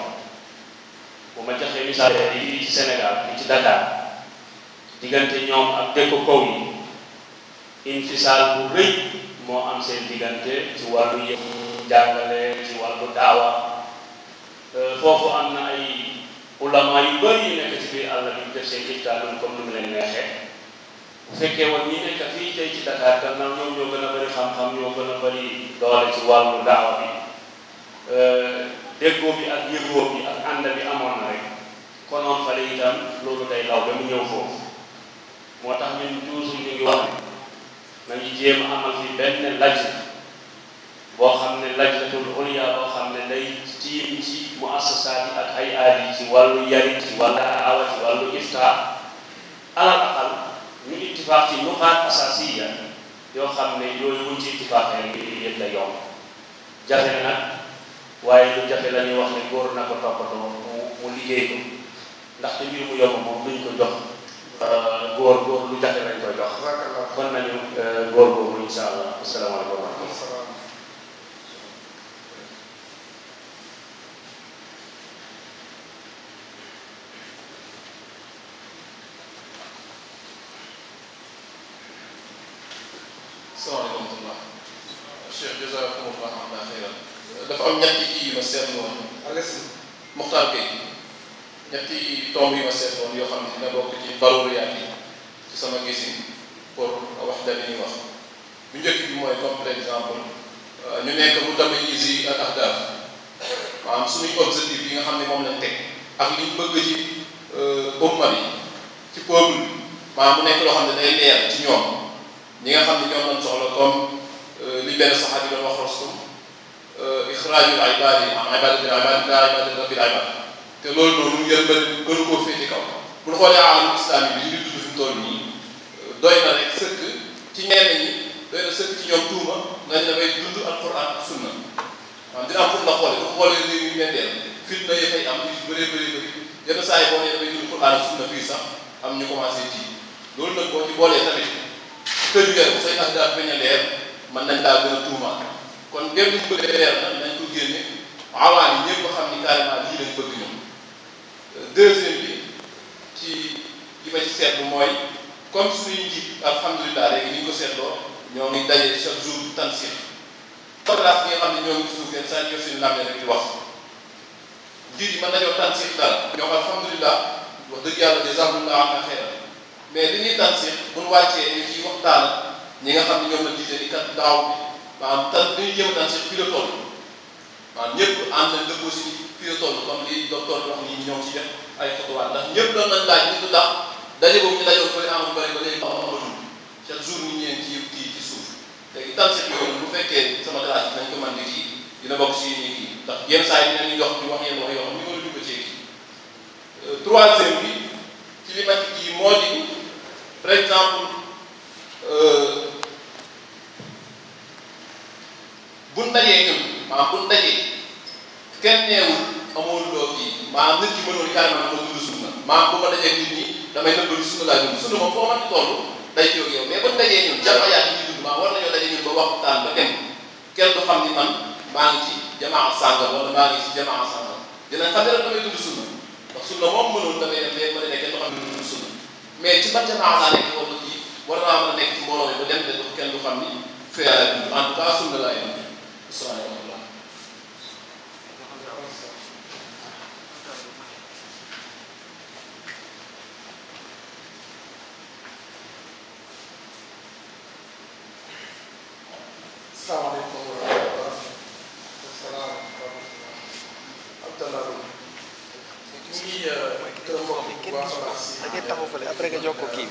[SPEAKER 2] bu ma joxee misaal yi ci Sénégal ci Dakar diggante ñoom ak dëkku kaw yi infisaal bu rëy moo am seen diggante ci wàllu yëpp jàngale ci wàllu daawa euh, foofu am na ay ulama yu bari yu nekk ci biir àll bi def seen dictatum comme ni mu leen neexee bu fekkee woon ñi nekk fii tey ci Dakar tam na ñoom ñoo gën a bari xam-xam ñoo gën a bari doole ci wàllu daawa bi euh, déggoo bi ak yëgoo bi ak ànd bi amoon na rek konoon fale itam loolu day law ba ñëw foofu moo tax ñun toujours ñu ngi wax nañu jéem a amal fi benn laj boo xam ne lajnatul ulya boo xam ne day tiim ci muassasaat yi ak ay aad yi ci wàllu yarit ci wàllu awa ci wàllu alal akal ñu ittifaq ci nuqaat asasiya yoo xam ne yooyu buñ ci ittifaqee ngi yëpp yomb jafe nag waaye lu jafe wax ne góor na ko toppatoo mu mu liggéey ko ndaxte mbir mu yomb moom duñ ko jox Euh, góor góor lu jafe lañ koy jox kon nañu euh, góor góorlu insha allah asalaamaaleykum
[SPEAKER 8] wa rahmatullah dafa am ñetti kii yu ma seetlu woon. Muxtaar Gueye ñetti tomb yi ma seetoon yoo xam ne dina bokk ci daruriyaat yi ci sama gisin pour wax da li ñuy wax bu njëkk bi mooy comme par exemple euh, ñu nekk mu tamit isi ak ahdaaf maanaam suñuy objectif yi nga xam ne moom lañ teg ak liñ bëgg ci euh, umma yi ci peuple bi maanaam mu nekk loo xam ne day leer ci ñoom ñi nga xam ne ñoom lañ soxla comme euh, li benn saxaat yi doon wax rostum ixraajul ibaadi am ibaadati rabbil ibaad te loolu noonu ngeen ba gën koo féete kaw bu ñu xoolee alam islam yi bi ñu tudd fi mu toll nii doy na rek sëkk ci ñenn ñi doy na sëkk ci ñoom tuuma nañ dafay dund alquran ak sunna waaw dina am pour nga xoolee bu xoolee réew yu metteel fitna yi fay am yu bëree bëri bëri yenn saa yi boo nee dafay dund alquran ak sunna fii sax am ñu commencé ci loolu nag boo ci boolee tamit kër yu bu say affaire bañ a leer mën nañ daa gën a tuumaat kon dem ñu bëgg leer na nañ ko génne awaan yi ñëpp xam ni carrément lii lañ bëgg ñoom deuxième bi ci li ma seetlu mooy comme suñu njiit alhamdulilah léegi ni ñu ko seetloo ñoo ngi daje chaque jour tansi photographe yi nga xam ne ñoo ngi ci suuf yenn saa yor suñu làmbe rek di wax njiit yi mën nañoo tansi daal ñoom alhamdulilah wax dëgg yàlla des am la am na xeeral mais li ñuy tansi bu ñu wàccee ñu ciy waxtaan ñi nga xam ne ñoom la jiite di kat daaw bi maanaam tan li ñuy a tansi maanaam ñëpp en train de aussi fii toll comme li docteur wax ni ñëw ci def ay xutuwaat ndax ñëpp doon nañ laaj li du tax daje boobu ñu dajoon fële amul bëri ba léegi amatul chaque jour ñu ñeen ci ci ci suuf léegi tam si yooyu bu fekkee sama classe bi nañ ko mën di kii dina bokk si ñu kii ndax yenn saa yi dinañ jox ñu wax yenn wax yoo xam ñu war a dugg ci kii euh, troisième bi climatique yi moo di par exemple euh, bu ndajee ñun maanaam bu ñu kenn neewul amul loo fii maanaam nit ki mënul carrément ko dund sunna bu ma dajee nit ñi damay nëbbalu sunna laa sunna moom maa ngi ci xam ne damay dund sunna mais a ci ban jamaa laa nekk wala kii war naa mën a nekk ci mbooloo ba dem de kenn du xam ni fee en tout cas sunna laa yem
[SPEAKER 9] rek taxaw fële après nga jox ko kii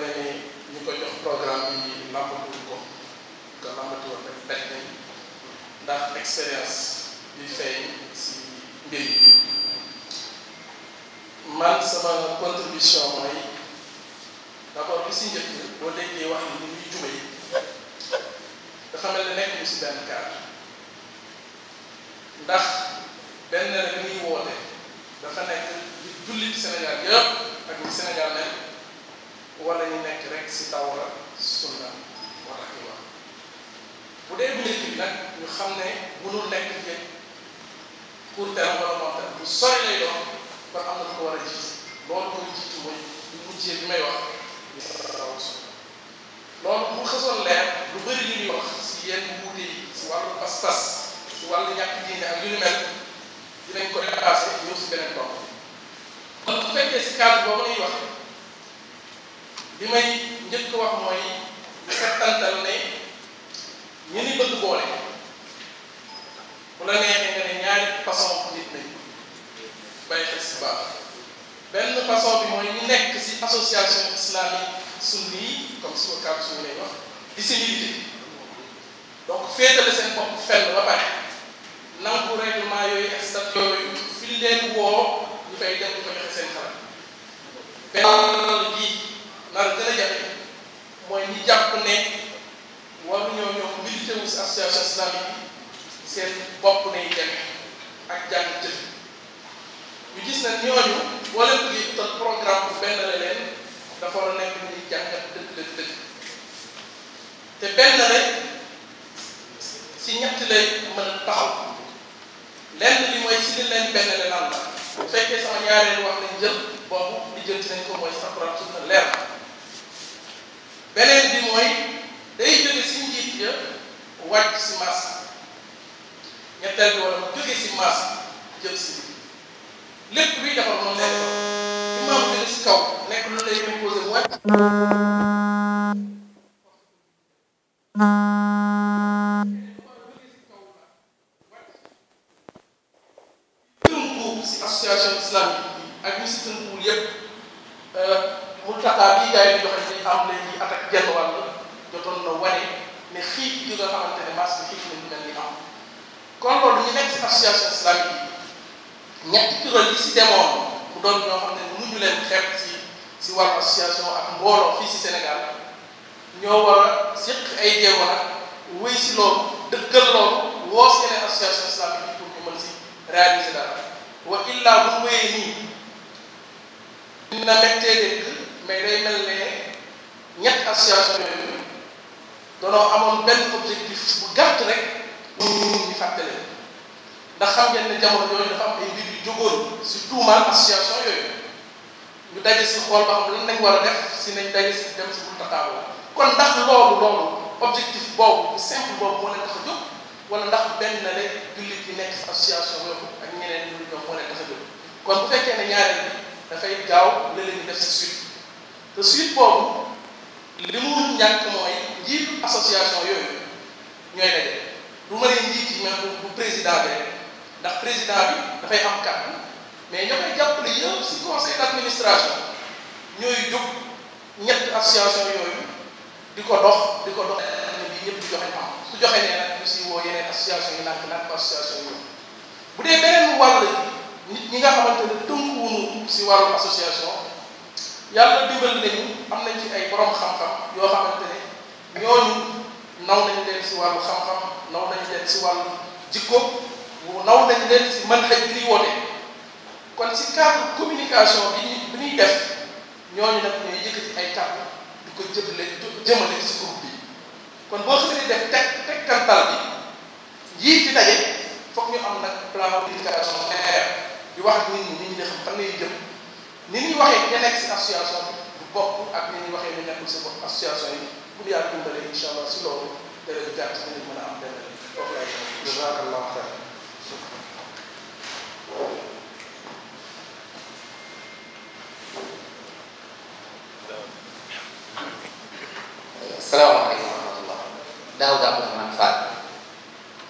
[SPEAKER 9] ni ñu ko jox programme bi làmbatuñ ko te ndax expérience bi feeñ si mbir man sama contribution mooy d'abord bi si njëkk boo wax ni ñuy jubay dafa mel ne nekk ñu si benn ndax benn rek ñuy woote dafa nekk. jullit Sénégal yëpp ak Sénégal nekk wala ñu nekk rek ci tawra sunna wala ak wax bu dee bu nag ñu xam ne mënul nekk ci court terme wala long terme bu sori lay doon ba am na war a jiitu loolu mooy jiitu mooy bu mujjee bi may wax loolu bu xasoon leer lu bëri li ñuy wax si yenn wuute yi si wàllu pas-pas si wàllu ñàkk diine ak yu ni mel dinañ ko dépassé ñëw si beneen bopp kon bu fekkee si cadre boobu ñuy wax li may njëkk wax mooy settantal ne ñu ni bëgg boole bu la neexee nga ñaari façon nit lañ bàyyi xel si benn façon bi mooy nekk si association islamique sunni yi comme su ko cadre suñu lay wax di seen unité donc féetale seen bopp ba pare nangu règlement yooyu ak yooyu fi leen woo tey def ko joxe seen xalaat benn ji nar gën a jafe mooy ñi jàpp ne waruñoo ñoom milité wu si association islamique bi seen bopp nay jafe ak jàng jëf ñu gis nag ñooñu boo leen di tot programme bu benn la leen dafa war a nekk ñuy jàngat dëgg dëgg dëgg te benn rek si ñett lay mën a taxaw lenn li mooy si li leen benn la lan la bu fekkee sama ñaareelu wax lañ jël boobu li jël nañ ko mooy saqran sunna leer beneen bi mooy day jóge si njiit ya wàcc si mas ñetteel bi wala mu jóge si mas jëm si lépp luy defar moom nekk imam bi si kaw nekk lu lay
[SPEAKER 10] imposé mu wàcc
[SPEAKER 9] fuqahaa bii gars yi di joxe ci am nañ ñuy attaque genn wàll jotoon na wane ne xiif gi nga xamante ne ni am kon loolu ñu nekk si association islamique yi ñetti kuréel yi si demoon mu doon ñoo xam ne mënuñu leen xeeb si si wàllu association ak mbooloo fii si Sénégal ñoo war a séq ay jéego nag loolu dëggal loolu woo seen association islamique yi pour ñu mën si réaliser dara wa illaa bu wéyee nii dina méttee dégg mais day mel ne ñett association yooyu danoo amoon benn objectif bu gàtt rek bu ñu ñu fàttale ndax xam ngeen ne jamono yooyu dafa am ay mbir yu jógoon surtout man association yooyu si xool ba xam lan war a def si nañ daje si dem si buntataawu kon ndax loolu loolu objectif boobu simple boobu moo leen tax a jóg wala ndax benn na rek jullit yi nekk association yooyu ak ñeneen ñu ñoom moo leen tax a kon bu fekkee ne ñaareel bi dafay gaaw lële def si suite te suite boobu li mu ñàkk mooy njiitu association yooyu ñooy daje lu ma nee njiit yi même bu président bi ndax président bi dafay am kàddu mais ñoo koy jàppale yëpp si conseil d'administration ñooy jóg ñetti association yooyu di ko dox di ko dox bi ñëpp di joxe am su joxe nee nag ñu si woo yeneen association yi nàkk nàkk association yooyu bu dee beneen wàll nit ñi nga xamante ne tënkuwunu si wàllu association yàlla digal nañu am nañ ay borom xam-xam yoo xamante ne ñooñu naw nañ leen si wàllu xam-xam naw nañ leen si wàllu jikko naw nañ leen si mën xëj bi woote kon si cadre communication bi ñuy ñuy def ñooñu nag ñooy yëkkati ay kàddu di ko jëmale jëmale si groupe bi kon boo xam ne def teg tegtantal bi yii di daje foog ñu am nag plan communication di wax nit ñi nit ñi xam fan lay jëm. ni ñuy waxee ña nekk si association bi du bokk ak ni ñuy waxee ñu nekkul si bopp association yi pour yaa dimbale incha allah si loolu dara di jàpp dinañ mën a am benn foofu laay jazakallahu xeer
[SPEAKER 11] salaamaaleykum wa rahmatullah Daawuda Abdourahmane Fall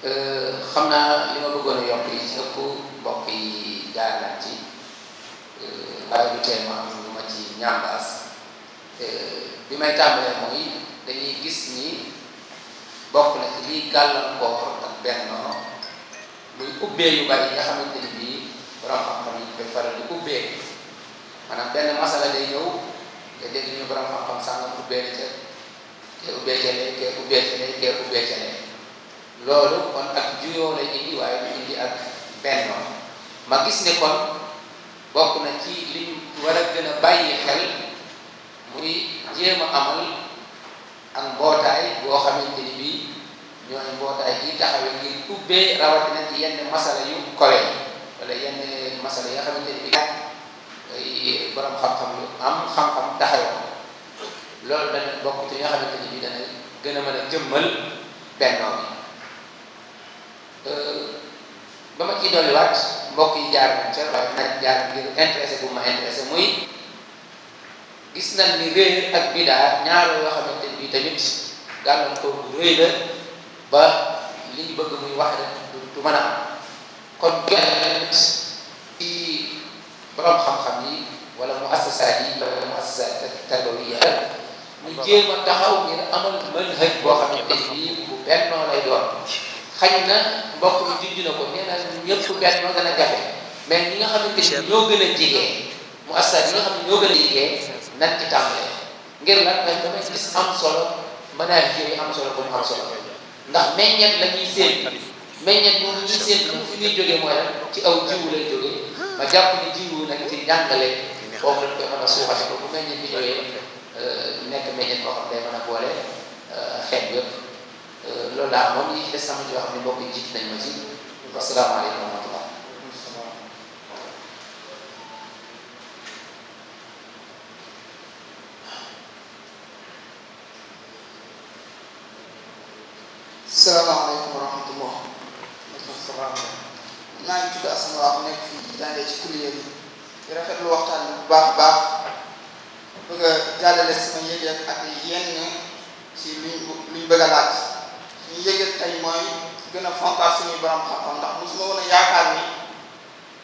[SPEAKER 11] euh, xam naa li ma bëggoon a yokk yi ci ëpp mbokk yi jaar na laaj bi tey ma am lu ma ci ñambaas euh, bi may tàmbalee mooy dañuy gis ni bokk na ci liy gàllankoor ak benn muy ubbee yu bari nga xamante ni bii borom xam-xam yi koy faral di ubbee maanaam benn masala day ñëw te dégg ñu borom xam-xam sàngam ubbee na ca te ubbee ca ne te ubbee ca ne te ubbee ca ne loolu kon ak juyoo la indi waaye du indi ak benn ma gis ne bokk na ci li ñu war a gën a bàyyi xel muy jéem a amal ak mbootaay boo xamante ni bii ñooy mbootaay yi taxawee ngir ubbee rawatina ci yenn masala yu kole wala yenn masala yi nga xamante ni bii borom xam-xam yu am xam-xam taxawee loolu dana bokk ci nga xamante ni bii dana gën a mën a jëmmal bennoo bi euh, ba ma ciy dolliwaat mbokk yi jaar nañ ca waaye nag jaar ngir intéressé bu ma intéressé muy gis nañ ni réer ak bidaa ñaar yoo xamante ni bii tamit gàllankoor bu réy la ba li ñu bëgg muy wax rek du mën a am kon kenn ci borom xam-xam yi wala mu assasaat yi wala mu assasaat tarbawiya ñu jéem a taxaw ngir amal manhaj boo xamante ni bii bu bennoo lay doon xaj na mbokk mi junj na ko nee na ñëpp benn ñoo gën a jafe mais ñi nga xam ne ñoo gën a jege mu askan ñi nga xam ne ñoo gën a jege nan ci tàmbalee ngir lan nag damay gis am solo mën a jëri am solo ba mu am solo ndax meññet la ñuy séentu meññet moom la ñuy séentu fi muy jógee mooy lan ci aw jiwu lay jógee ma jàpp ni jiwu nag ci njàngale boobu lañ koy mën a suuxate ko bu meññet bi ñëwee euh, nekk meññet boo xam day mën a boole euh, xeet yëpp. loolu daal moom li ci des sama ci wax ni mbokk yi jiit nañ ma ci wasalaamaaleykum wa rahmatullah
[SPEAKER 12] salaamaaleykum wa rahmatullah maa ngi tudd Assane wax nekk fii jàngee ci kuréel yi di rafetlu waxtaan bi bu baax a baax bëgg a jàllale sama yëg-yëg ak yenn ci luñ luñ bëgg a laaj yëgal tey mooy gën a fonkaat suñuy borom xam-xam ndax mosuma woon a yaakaar ni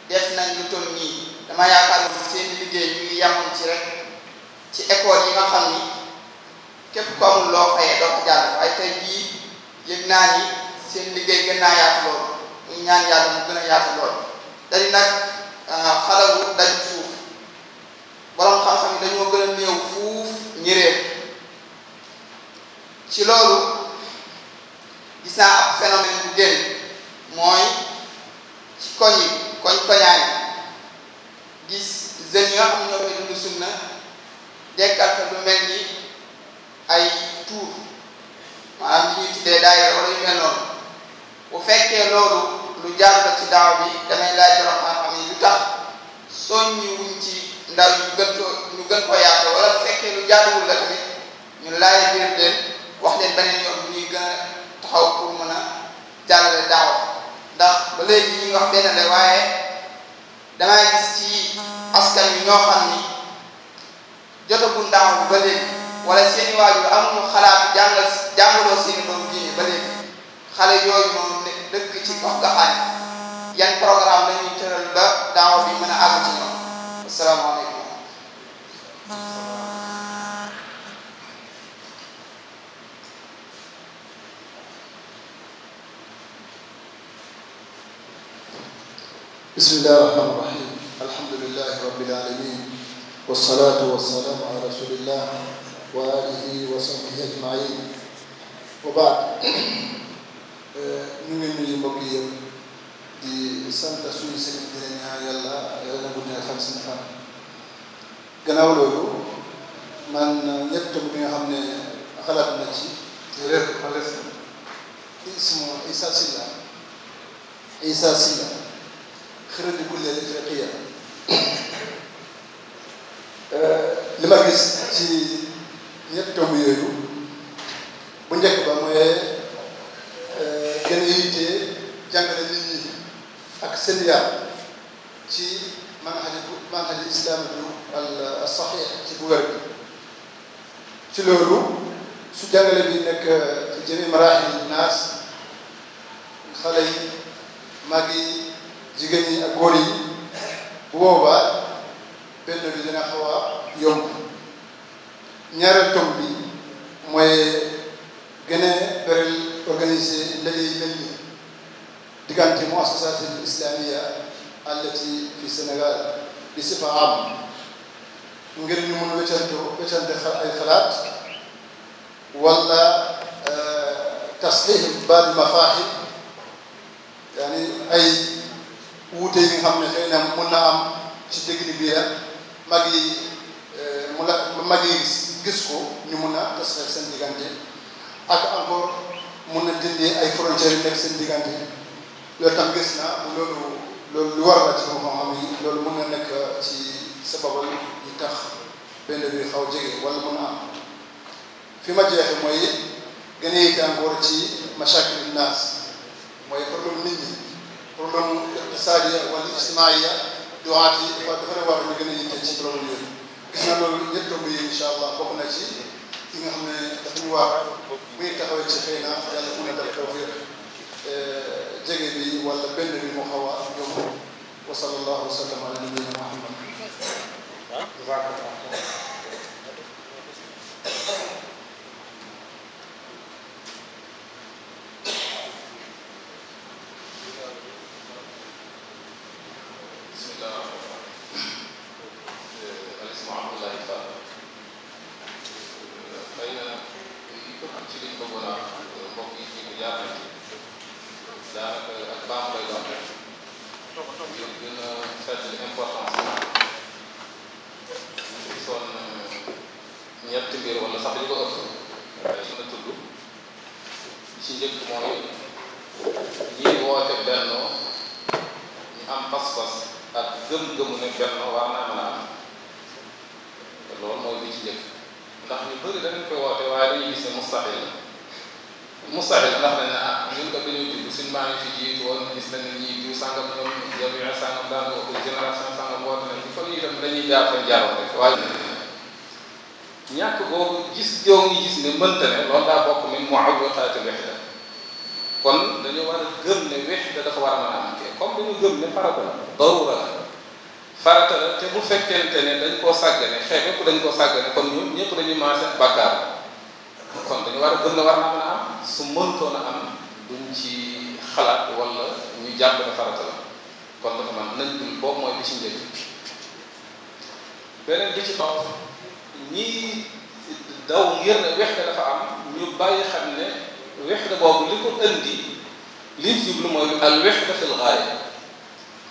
[SPEAKER 12] def nañ lu toll nii dama yaakaar ni seen liggéey ñu ngi ci rek ci école yi nga xam ni képp ko loo fayee doo ko waaye tey jii yëg naa ni seen liggéey gën naa yaatu lool ñu ñaan yàlla mu gën a yaatu lool dañu nag ah, xalalu daj suuf borom xam-xam yi dañoo gën néew fuuf ñi ci loolu gis naa ab phénomène bu génn mooy ci koñ yi koñ koñaay gis jeunes yoo xam ñoo koy dund sunna dekkal fa lu mel ni ay tuur maanaam li ñuy tuddee daayira wala yu mel noonu bu fekkee loolu lu jaar la ci daaw bi damay laaj borom xam-xam yi lu tax soññi wuñ ci ndaw ñu gën ko ñu gën ko yàq wala bu fekkee lu jaaruwul la tamit ñu laaj biir leen wax leen beneen yoon jàllale daaw ndax ba léegi wax benn la dangay gis ci askan wi ñoo xam ni jotagul daaw bi ba léegi wala seeni waajur amuñu xalaat jàngal jàngaloo seeni doom diine ba léegi xale yooyu moom dëkk ci gox gaxaan yan programme lañuy tëral ba daaw bi mën a àgg ci ñoom
[SPEAKER 13] bismillahi rahmaani rahim alhamdulilahi rabbil alamin wasalaatu wasalaamu ala rasulillah wa alihi wa sahbihi ajmain wa baad eh, ñu ngi nuyu mbokk yi yëpp di sant suñu sëriñ di leen ñaan yàlla yàlla na guddee fan seen fan gannaaw loolu man ñett bi nga xam ne xalaat na ci réew Palestine ismo Issa Sylla Issa Sylla xëradi bu leen ifriqiya euh, li ma gis ci ñett tomb yooyu bu njëkk ba mooy euh, gën a yitte jàngale nit ñi ak seen yar ci manhaj bu manhaj islam bu al saxiix ci bu wér bi ci loolu su jàngale bi nekk jëmi maraaxil naas xale yi mag yi jigéen ñi ak góor yi bu boobaa benn bi dina xaw a yomb ñaareel tom bi mooy gën a beral organisé ndaje mel ni diggante muassasatil islamia allati fi Sénégal di sifa am ngir ñu mun wéccante wéccante ay xalaat wala eh, tasxiix baal mafaaxi yaani ay wuute yi nga xam ne xëy mun na am ci technique bi rek mag yi euh, mu la mag yi gis ko ñu mun a tas seen diggante ak encore mun na dindi ay frontières yu nekk seen diggante loolu tam gis na loolu loolu lu war la ci xam-xam yi loolu mun na nekk ci sababal yi tax benn bi xaw jege wala mun a am fi ma jeexe mooy gën a yéeg encore ci machakil naas mooy problème nit ñi problème iqtisaadiya wala ijtimaaiya duwaat yi dafa dafa war ñu gën a yitte ci problème yooyu na loolu ñett tomb yi incha allah bokk na ci yi nga xam ne dafa ñu war muy ci xëy na yàlla mën na def tawfiq e, jege bi wala benn bi mu xaw a yomb wa sallallahu wa sallam ala nabiyina muhammad
[SPEAKER 14] ñetti mbir wala sax li ko ëpp
[SPEAKER 1] mën a tudd ci njëkk mooy ñiy woote bennoo ñu am pas-pas ak gëm-gëmu ne bennoo war naa mën a am loolu mooy li ci njëkk ndax ñu bëri dañu koy woote waaye dañuy gis ne mustahil la ndax dañ ne ah ñun kat dañoo tudd suñ maa ngi fi jiitu woon gis nañ ne ñii diw sàngam ñoom yabu yaa sàngam daan ko génération sàngam woote nañ ci fa ñuy dem dañuy jaar fa jaar rek waaye ñàkk boobu gis yow ngi gis ne mënta ne loolu daa bokk min muawwataati wexda kon dañu war a gëm ne wexda dafa war a mën a am kee comme dañu gëm ne farata la darura te bu fekkente ne dañ koo sàggane xeet dañ koo sàggane kon ñëpp dañuy maase bàkkaar kon dañu war a gëm ne war naa mën a a am duñ ci xalaat wala ñu jàpp ne farata la kon dafa man nañ dul boobu mooy bi ci njëkk beneen bi ci topp ñii daw ngir ne wexte dafa am ñu bàyyi xam ne weex wexte boobu li ko indi liñ jublu mooy al wexte fil gaaya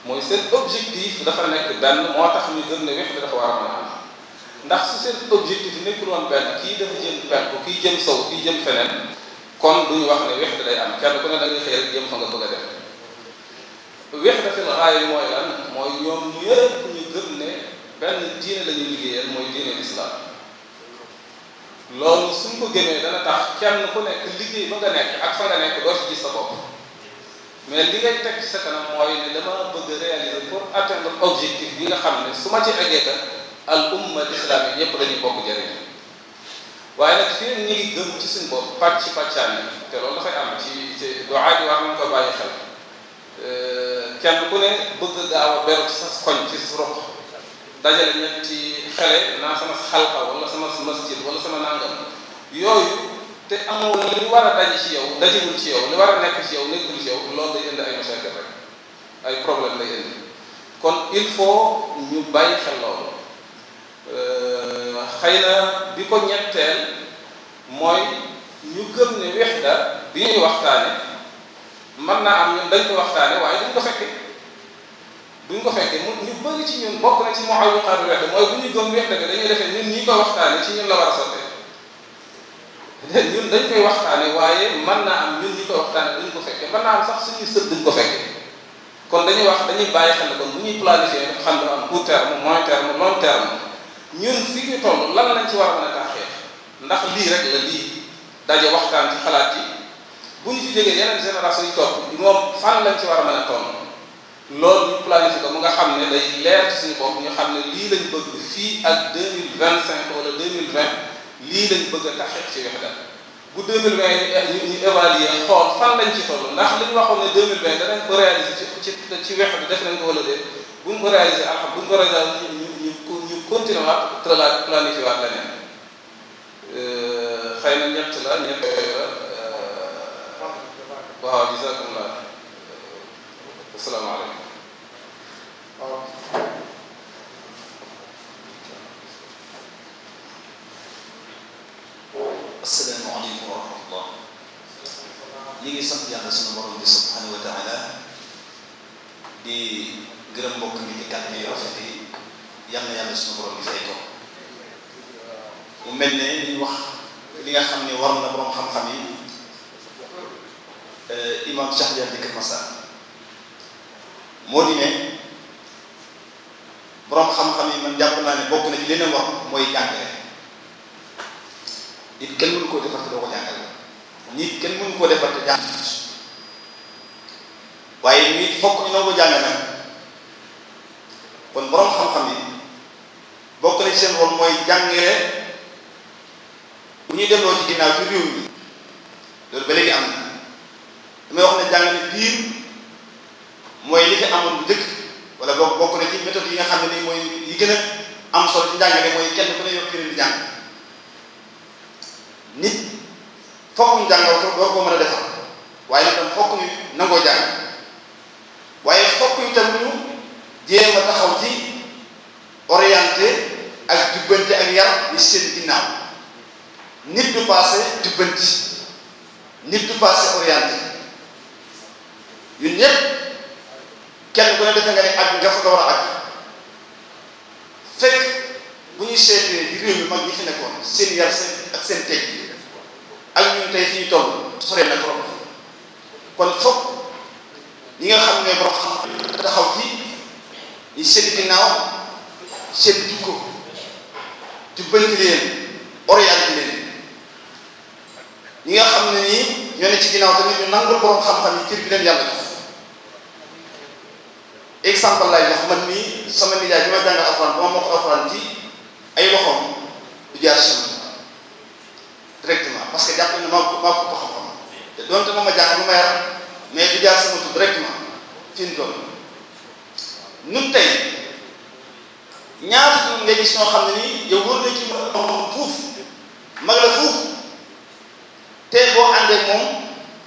[SPEAKER 1] mooy seen objectif dafa nekk benn moo tax ñu gën ne wexte dafa war a mën a am ndax su seen objectif nekkul woon benn kii dafa jëm penku kii jëm sow kii jëm feneen kon duñu wax ne wexte day am kenn ku ne da ngay xëy jëm fa nga bëgg a dem wexte fil gaaya mooy lan mooy ñoom ñëpp ñu gëm ne benn diine la ñuy liggéeyal mooy diine islam loolu suñ ko gëmee dana tax kenn ku nekk liggéey ba nga nekk ak fa nga nekk doo ci sa bopp mais li ngay teg ci sa
[SPEAKER 14] kanam mooy ne dama bëgg réaliser pour atteindre objectif bi nga xam ne su ma ci eggee ka al umma islamique yépp dañuy bokk jëriñ waaye nag fii ñu ngi gëm ci suñ
[SPEAKER 1] bopp pàcc pàccaan yi te loolu dafay am ci ci doxaat yi wax nañ ko bàyyi xel
[SPEAKER 14] euh, kenn ku ne bëgg gaaw a beru ci sa koñ ci sa dajale ñetti xale naa sama xalqa wala sama masjid wala sama nangam yooyu te
[SPEAKER 9] amoo li war a daje ci yow dajewul ci yow li war a nekk ci yow nekkul ci yow loolu day indi ay machakal rek
[SPEAKER 1] ay problème lay indi kon il faut ñu bàyyi xel loolu euh, xëy na bi ko ñetteel mooy ñu gën ne wexda bi ñuy waxtaane man naa am ñun dañ ko waxtaane waaye
[SPEAKER 9] duñ ko fekke duñ ko fekkee mu ñu bëri ci ñun bokk na ci moo aw yuqaatu wexde mooy bu ñu
[SPEAKER 14] gëm wexde bi dañuy defee ñun ñii koy waxtaane ci ñun la war a sotte ñun naa am ñun ñi koy ko fekkee mën naa am sax suñuy sët duñ ko fekkee
[SPEAKER 1] kon dañuy wax dañuy bàyyi xel kon bu ñuy planifier dafa xam ne am court terme moyen terme long terme
[SPEAKER 14] ñun fi ñu toll lan lañ ci war a mën ndax lii rek la lii daje waxtaan ci xalaat yi bu ñu fi jógee yeneen génération topp moom fan lañ ci war a mën
[SPEAKER 1] a loolu ñu ko mu nga xam ne day leer ci suñu bopp ñu xam ne lii lañ bëgg
[SPEAKER 9] fii ak deux mille vingt cinq wala deux mille vingt lii lañ bëgg a taxit ci wexda bu
[SPEAKER 14] deux mille vingt ñu ñu évaluer xool fan lañ ci toll ndax li ñu waxoon ne deux mille vingt danañ ko réaliser ci ci wex bi def nañ ko wala déet bu ñu ko réaliser alxam bu ñu ko réaliser ñu ñu ñu continuer waat trala planifié waat leneen euh, xëy na ñett la ñett la euh, waaw gisakum la
[SPEAKER 3] asalaamaaleykum waaw
[SPEAKER 15] asalaamaaleykum wa rahmatullah ñi ngi sant yàlla sunu borom bi subhanahu wa taala di gërëm mbokk mi di kàddu yi rafet yi yàlla yàlla sunu borom bi fay ko mu mel ne li wax li nga xam ne war na borom xam-xam yi eh, imam Cheikh Diagne Kër Massa moo di ne boroom xam-xam yi man jàpp naa ne bokk na ci leneen wax mooy jàngale nit kenn mënu koo defar te doo ko jàngale nit kenn mënu koo defar te jàngale waaye nit fokk ñu noo ko jàngale nag kon boroom xam-xam yi bokk na ci seen rôle mooy jàngale bu ñuy demloo ci ginnaaw ci réew mi loolu mooy lii fi amoon bu njëkk wala boo bokk na ci yi nga xam ne ni mooy yi gën a am solo ci njàngale mooy kenn ku ne yor keneen di jàng ko doo mën a defar waaye itam fokk ñu nangoo jàng waaye fokk ñu tam ñu jéem a taxaw ci orienté ak jubbante ak yar ni seen ginnaaw nit du passé jubbanti nit du passé orienté yu ñëpp kenn ku ne defe nga ne ak nga fa ko war a ak fekk bu ñuy seetee di réew mi mag ñi fi nekkoon seen yar seen ak seen teg ak ñun tey fi ñu toll sore na trop kon foog ñi nga xam ne borom xam taxaw ci ñi seen ginnaaw seen jikko di bënk leen orienté leen xam ne nii ñoo ne ci ginnaaw tamit ñu nangul borom xam-xam yi cër bi leen yàlla exemple lay jox man nii sama nijaay bi ma jàngal alxuraan ba ma ko alxuraan ci ay loxoom du jaar sama directement parce que jàpp ne maa ko ko ko xam-xam te donte moom ma jàngal ma yar mais du jaar sama tur directement fi mu toll ñun tey ñaata nga gis ñoo xam ne nii yow wër na ci moom fuuf mag la fuuf te boo àndee moom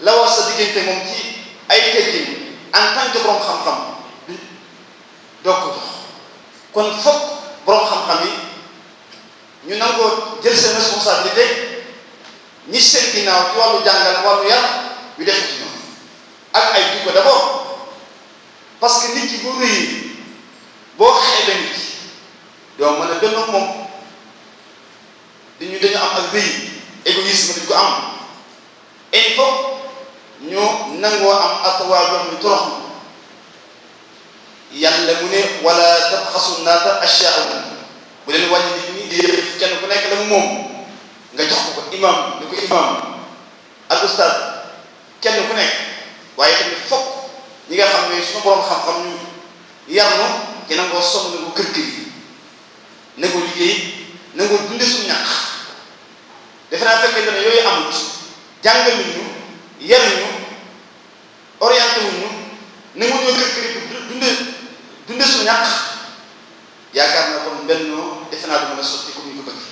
[SPEAKER 15] la war sa diggante moom ci ay teggin en tant que borom xam-xam. doo kon foog borom xam-xam yi ñu nangoo jël seen responsabilité ñi seen ginnaaw ci wàllu jàngal wàllu yar yu def ci ñoom ak ay jikko d'abord parce que nit ki bu rëyee boo xeebe nit ki doo mën a moom dañu dañu am ak rëy égoïsme dañ ko am il faut ñu nangoo am ak waa ñu torox la mu ne wala tabxasu naasa asyaahum bu leen wàññi nit ñi di kenn bu nekk la mu moom nga jox ko ko imam ni ko imam ak kenn ku nekk waaye tamit fokk ñi nga xam ne suñu borom xam-xam ñu yar na te nangoo sonn na ko kër kër yi nangoo liggéey nangoo dunde suñu ñàkk defe naa fekkee ne yooyu amut jàngal ñu yar ñu orienté wuñu nangu ñoo
[SPEAKER 10] kër kër yi dundee
[SPEAKER 15] dunde su ñàkk yaakaar na kon bennoo defe naa du mën a sotti comme ñu ko bëgg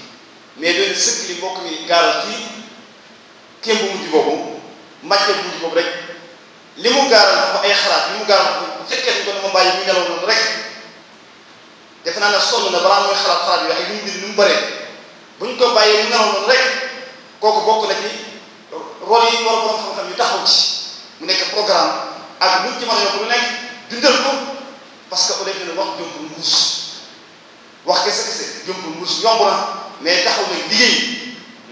[SPEAKER 15] mais doon sëkk li mbokk ni gaaral ci kéem bu mujj boobu mbàcce bu mujj boobu rek li mu gaaral dafa ay xalaat li mu gaaral bu fekkee ni ko dama bàyyi mu nelaw rek defe naa na balaa muy xalaat ak li mu bind ni mu bëree bu ñu ko bàyyee mu nelaw noonu rek kooku bokk na ci rôle yi war borom xam-xam yu ci mu nekk programme ak lu ci yokk lu nekk dundal ko parce que au début wax jëm pour mbuus wax kese kese jëm pour mbuus yomb na mais taxaw nag liggéey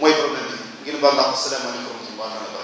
[SPEAKER 15] mooy problème bi ngir baal naa ko salaamaaleykum wa rahmatulah.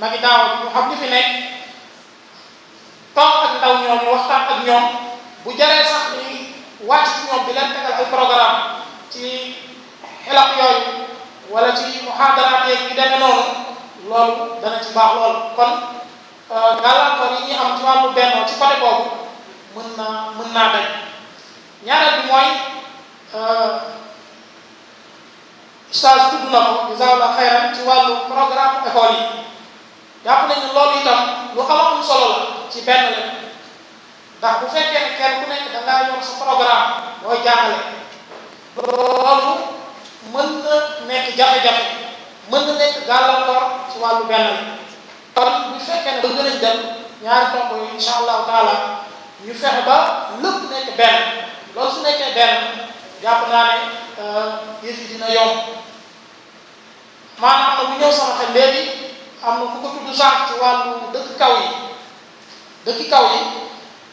[SPEAKER 16] magi daaw ñu xam li fi nekk toog ak ndaw ñoom ñu waxtaan ak ñoom bu jaree sax ñuy wàcc ci ñoom di leen tegal ay programme ci xelak yooyu wala ci muhaadaraat yeeg ñu demee noonu loolu dana ci baax lool kon euh, gàllankoor yi ñuy am ci wàllu bennoo ci côté boobu mën naa mën naa dañ ñaareel mooy euh, stage tudd na ko bisaw la xayran ci wàllu programme école yi jàpp nañu loolu itam lu am am solo la ci benn la ndax bu fekkee ne kenn ku nekk da ngaa yor programme booy jàngale loolu mën na nekk jafe-jafe na nekk gàllankoor ci wàllu benn la kon bu fekkee ne bëgg nañ dem ñaari tomb yi incha allahu taala ñu fexe ba lépp nekk benn loolu su nekkee benn jàpp naa ne euh, yëf yi dina yomb maanaam na bu ñëw sama xel léegi am na ku ko tudd sànq ci wàllu dëkk kaw yi dëkk kaw yi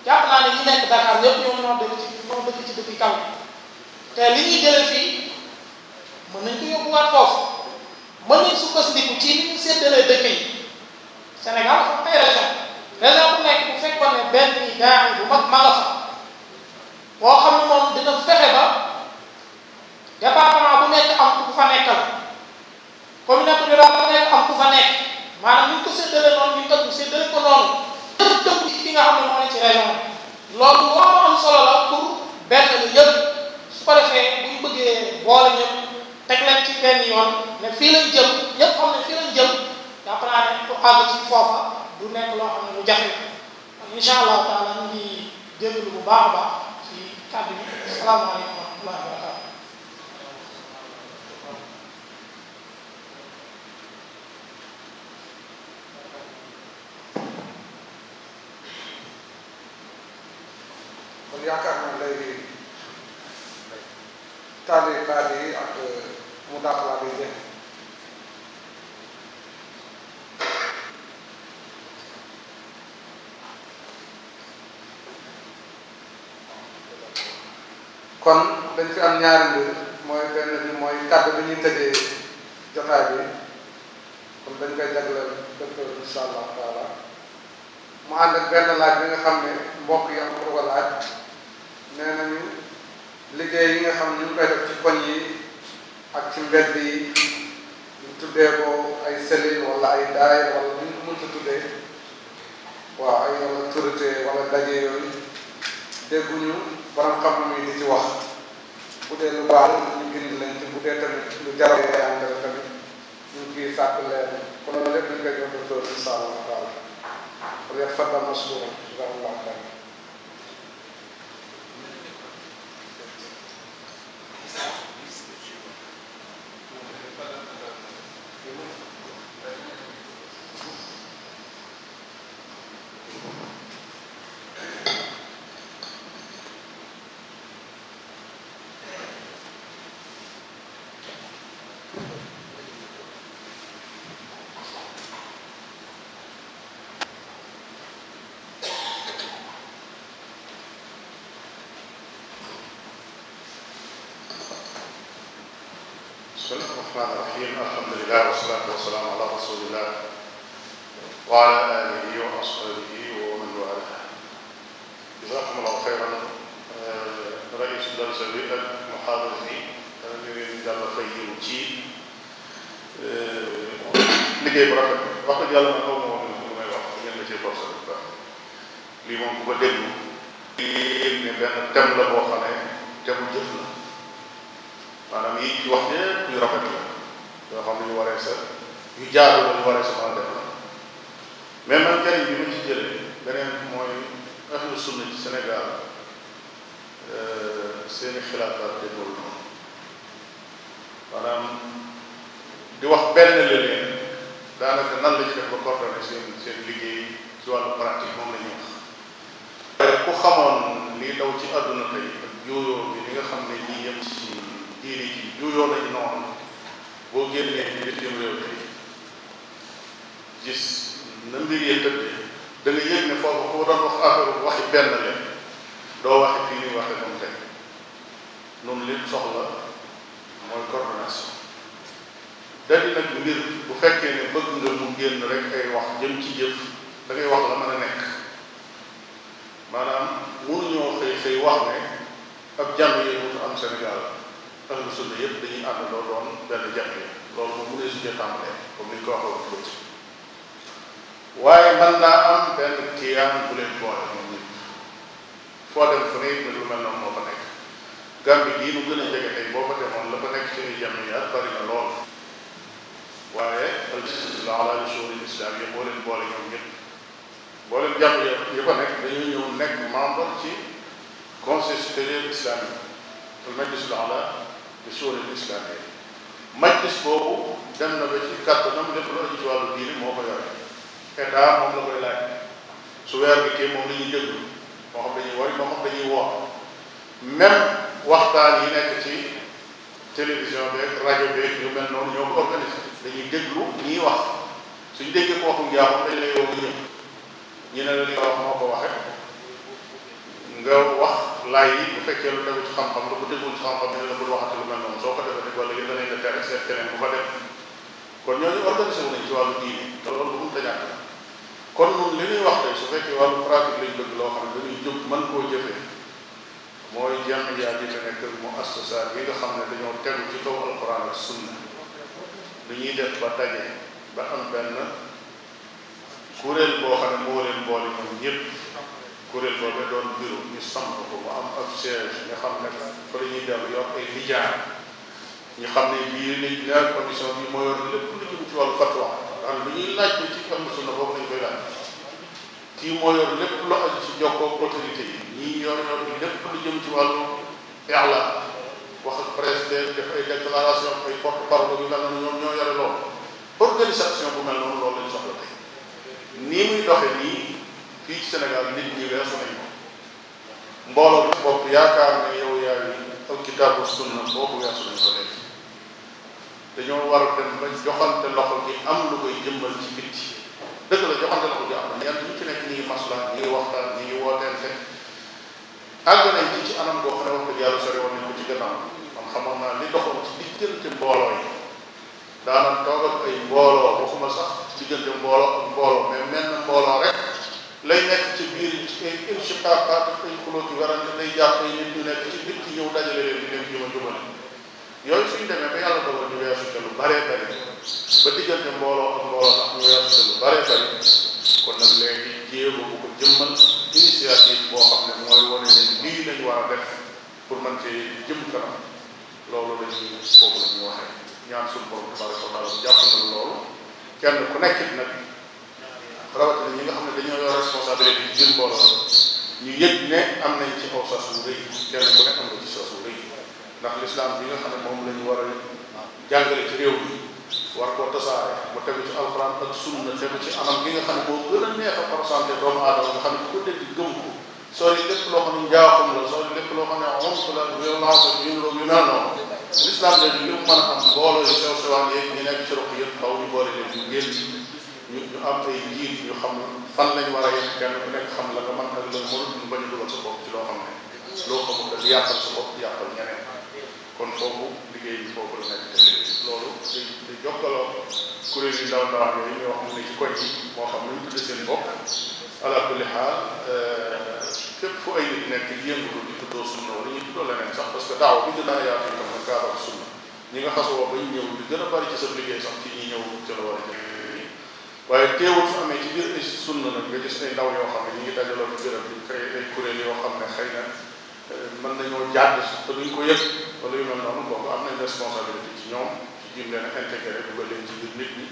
[SPEAKER 16] jàpp naa ne ñi nekk Dakar ñëpp ñoom ñoo dëkk ci ñoo kaw te li ñuy jële fii mën nañ ko yóbbuwaat foofu mën nañ sukkandiku ci ni ñu séddalee dëkk yi Sénégal dafa am ay région bu nekk bu fekkoon ne benn daara bu mag ma nga fa boo xam ne moom dina fexe ba département am ku fa am ku fa nekk maanaam ñu ko séddale noonu ñu tëgg séddale ko noonu lépp tëgg ci ki nga xam ne moo ne ci région loolu lu am am solo la pour benn lu yëpp su ko defee bu ñu bëggee boole ñëpp teg leen ci benn yoon ne fii lañ jëm ñëpp xam ne fii lañ jëm jàpp naa ne pour àgg ci foofa du nekk loo xam ne lu jafe incha allahu taala ñu ngi jégalu bu baax a baax ci kàddu bi asalaamaaleykum wa rahmatullahi wa barakatu
[SPEAKER 3] yaakaar naa léegi taalikaat yi ak mu daaxalaat yi jeex kon dañ fi am ñaari mbir mooy benn bi mooy kàddu bi ñuy tëjee jotaay bi kon dañ koy jagleel docteur insha allahu taala mu ànd ak benn laaj bi nga xam ne mbokk yi am ko laaj nee nañu liggéey yi nga xam ne koy def ci koñ yi ak ci mbedd yi ñu tuddee ko ay cellule wala ay daay wala ñu mënta tuddee waaw ay wala daje yooyu dégguñu borom xam-xam di ci wax bu dee lu baax ñu bind leen ci bu dee tamit lu jaral ay àndal tamit ñu ngi sàkk leen kon loolu lépp dañ koy jox docteur incha allah taala wala fadal masuura
[SPEAKER 17] bismillahi rahmaani rahim alhamdulilah wasalaatu wasalaamu ala rasulillah wa ala alihi wa ashabihi wa man wala jazakumullahu xayran rais darsa bi ak muxaadar bi ñu leen yàlla fay yiw ci liggéey bu rafet wax dëgg yàlla man xaw ma woon lu may wax ngeen la cee forsa bu baax lii moom ku ko déglu lii ne benn thème la boo xam ne thème jëf la maanaam yi ci wax yëpp yu rafet la yoo xam ne waree sa yu jaadu la waree sa mën a def mais man njëriñ bi ma ci jëlee beneen mooy ahlu sunna ci Sénégal euh, seeni xilaat daal déggul noonu di wax benn leneen daanaka nan la ci def ba coordonné seen seen liggéey ci wàllu pratique moom la ñuy ku xamoon lii daw ci àdduna tey ak yooyoo bi nga xam ne ñii yem ci. diine ji juuyoo nañu noonu boo génnee ci bitim réew mi gis na mbir yee tëddee da yëg ne foofu ku doon wax affaire waxi benn leen doo waxe fii ñuy waxe moom teg noonu li soxla mooy coordination dadi nag mbir bu fekkee ne bëgg nga mu génn rek ay wax jëm ci jëf da wax la mën a nekk maanaam mënuñoo xëy xëy wax ne ab jàmm yee wutu am Sénégal ahlu sunna yëpp dañuy àndandoo doon benn jàppe loolu moom mu ne suñu comme ni ko waxee woon waaye man naa am benn kiyaan bu leen boole moom ñëpp foo dem fu ne lu mel noonu moo fa nekk Gàmbi gii mu gën a jege tey la fa nekk ci ñuy jàmm yaat bari waaye alhamdulilah ala usuul islam yi boo leen boole ñoom ñëpp boo leen jàmm yi fa nekk dañuy ñëw nekk membre ci conseil supérieur islamique al al ala te suurat islaamiya majlis boobu dem na ba ci kàttanam lépp lu aju ci wàllu diine moo ko yore état moom la koy laaj su weer bi kii moom la ñuy déglu moo xam dañuy wari moo xam waxtaan yi nekk ci télévision beeg rajo beeg yu mel noonu ñoo ko organisé dañuy déglu ñuy wax suñu déggee ko waxu njaaxum dañ lay yow ñëpp ñu ne la li wax moo ko waxee nga wax laay bu fekkee lu tegu ci xam-xam lu ko teguwul ci xam-xam ne la bul waxati lu mel noonu soo ko defee rek wala yéen danañ la fere seet bu fa kon ñooñu organisé wu nañ ci wàllu diine te loolu bu mu ta ñàkk kon ñun li ñuy wax tey su fekkee wàllu pratique lañ bëgg loo xam ne dañuy jóg mën koo jëfee mooy jàng yaa yi te nekk mu assasa bi nga xam ne dañoo tegu ci kaw alquran ak sunna li ñuy def ba daje ba am benn kuréel boo xam ne moo leen boole ñoom ñëpp kuréel boobee doon bureau ñu samp ko mu am ab siège nga xam ne fa la dellu yor ay lijaar ñu xam ne bii li la bi moo yor lépp lu jëm ci wàllu fatwa ndax lu ñuy laaj bi ci am sunna boobu moo yor lépp lu ci jokkoo autorité yi ñii yor yor lu jëm ci wàllu yàlla wax ak président def ay déclaration ay porte parole yu mel noonu ñoom ñoo yore loolu organisation bu mel noonu loolu lañ soxla nii muy doxe nii fii ci Sénégal nit ñi weesu nañ ko mbooloo ci bopp yaakaar ne yow yaay alkitaabu sunna boo ko weesu nañ ko léegi dañoo war a dem ba joxante loxo gi am lu koy jëmbal ci bitti dëgg la joxante loxo gi am na ñenn ñu ci nekk ci ci ci li ci mbooloo yi daanaka toog ay mbooloo waxuma sax diggante mbooloo mbooloo mais menn mbooloo rek. lay nekk ci biir ci ay inchiqaqaat ak ay xulóot yu warante day ci bitt ñëw dajale leen di leen juma jumale yooyu suñ demee ba yàlla dogal ñu weesu te lu baree bari ba diggante mbooloo ak mbooloo ak ñu weesu te lu baree bari kon nag léegi jéego bu ko jëmmal initiative boo xam ne mooy wane ne lii lañ war a def pour mën cee jëm kanam loolu la ñuy foofu la ñaan suñu borom tabaraka wa taala jàpp loolu kenn ku nekk nag rawatina ñi nga xam ne dañoo yor responsabilité yi jëm mbooloo ñu yëg ne am nañ ci aw sos wu rëy kenn ku ne am nga ci sos wu rëy ndax lislaam bi nga xam ne moom la ñu war a jàngale ci réew mi war koo tasaare mu tegu ci alxuraan ak sunna tegu ci anam bi nga xam ne boo gën a neex a présenté doomu aadama nga xam ne ku dégg gëm ko soo yi lépp loo xam ne njaaxum la soo yi lépp loo xam ne xonq la réew naa ko ñun loolu yu mel noonu lislaam dañu yëpp mën a am mbooloo yu sew sewaan yëpp ñu nekk ci rox yëpp xaw ñu boole leen ñu génn ñu ñu am ay njiit ñu xam fan lañu war a yem kenn ku nekk xam la nga mën ak la mënut ñu bañ dugal sa bopp ci loo xam ne loo xamul dafa yàqal sa bopp yàqal ñeneen kon foofu liggéey bi foofu la loolu day day jokkaloo kuréel yu ndaw ndaw yooyu ñoo xam ne ci koñ yi moo xam luñ tudde seen bopp ala kulli xaal fépp euh, fu ay nit nekk yëngatu di tuddoo sunna wala ñu tuddoo leneen sax parce que daaw bi ñu daan yaatu ñu ko mën kaaba sunna ñi nga xasoo bañ ñëw li gën a bari ci sa liggéey sax ci ñi ñëw ci war a jëm waaye teewul su amee ci biir ay sunna nag nga gis ay ndaw yoo xam ne ñu ngi dajaloo ci béréb di créé ay kuréel yoo xam ne xëy na euh, mën nañoo jàdd sax te duñ ko yëg wala yu mel noonu boobu am nañ responsabilité ci ñoom ci jim leen a intégré dugal leen ci biir nit ñi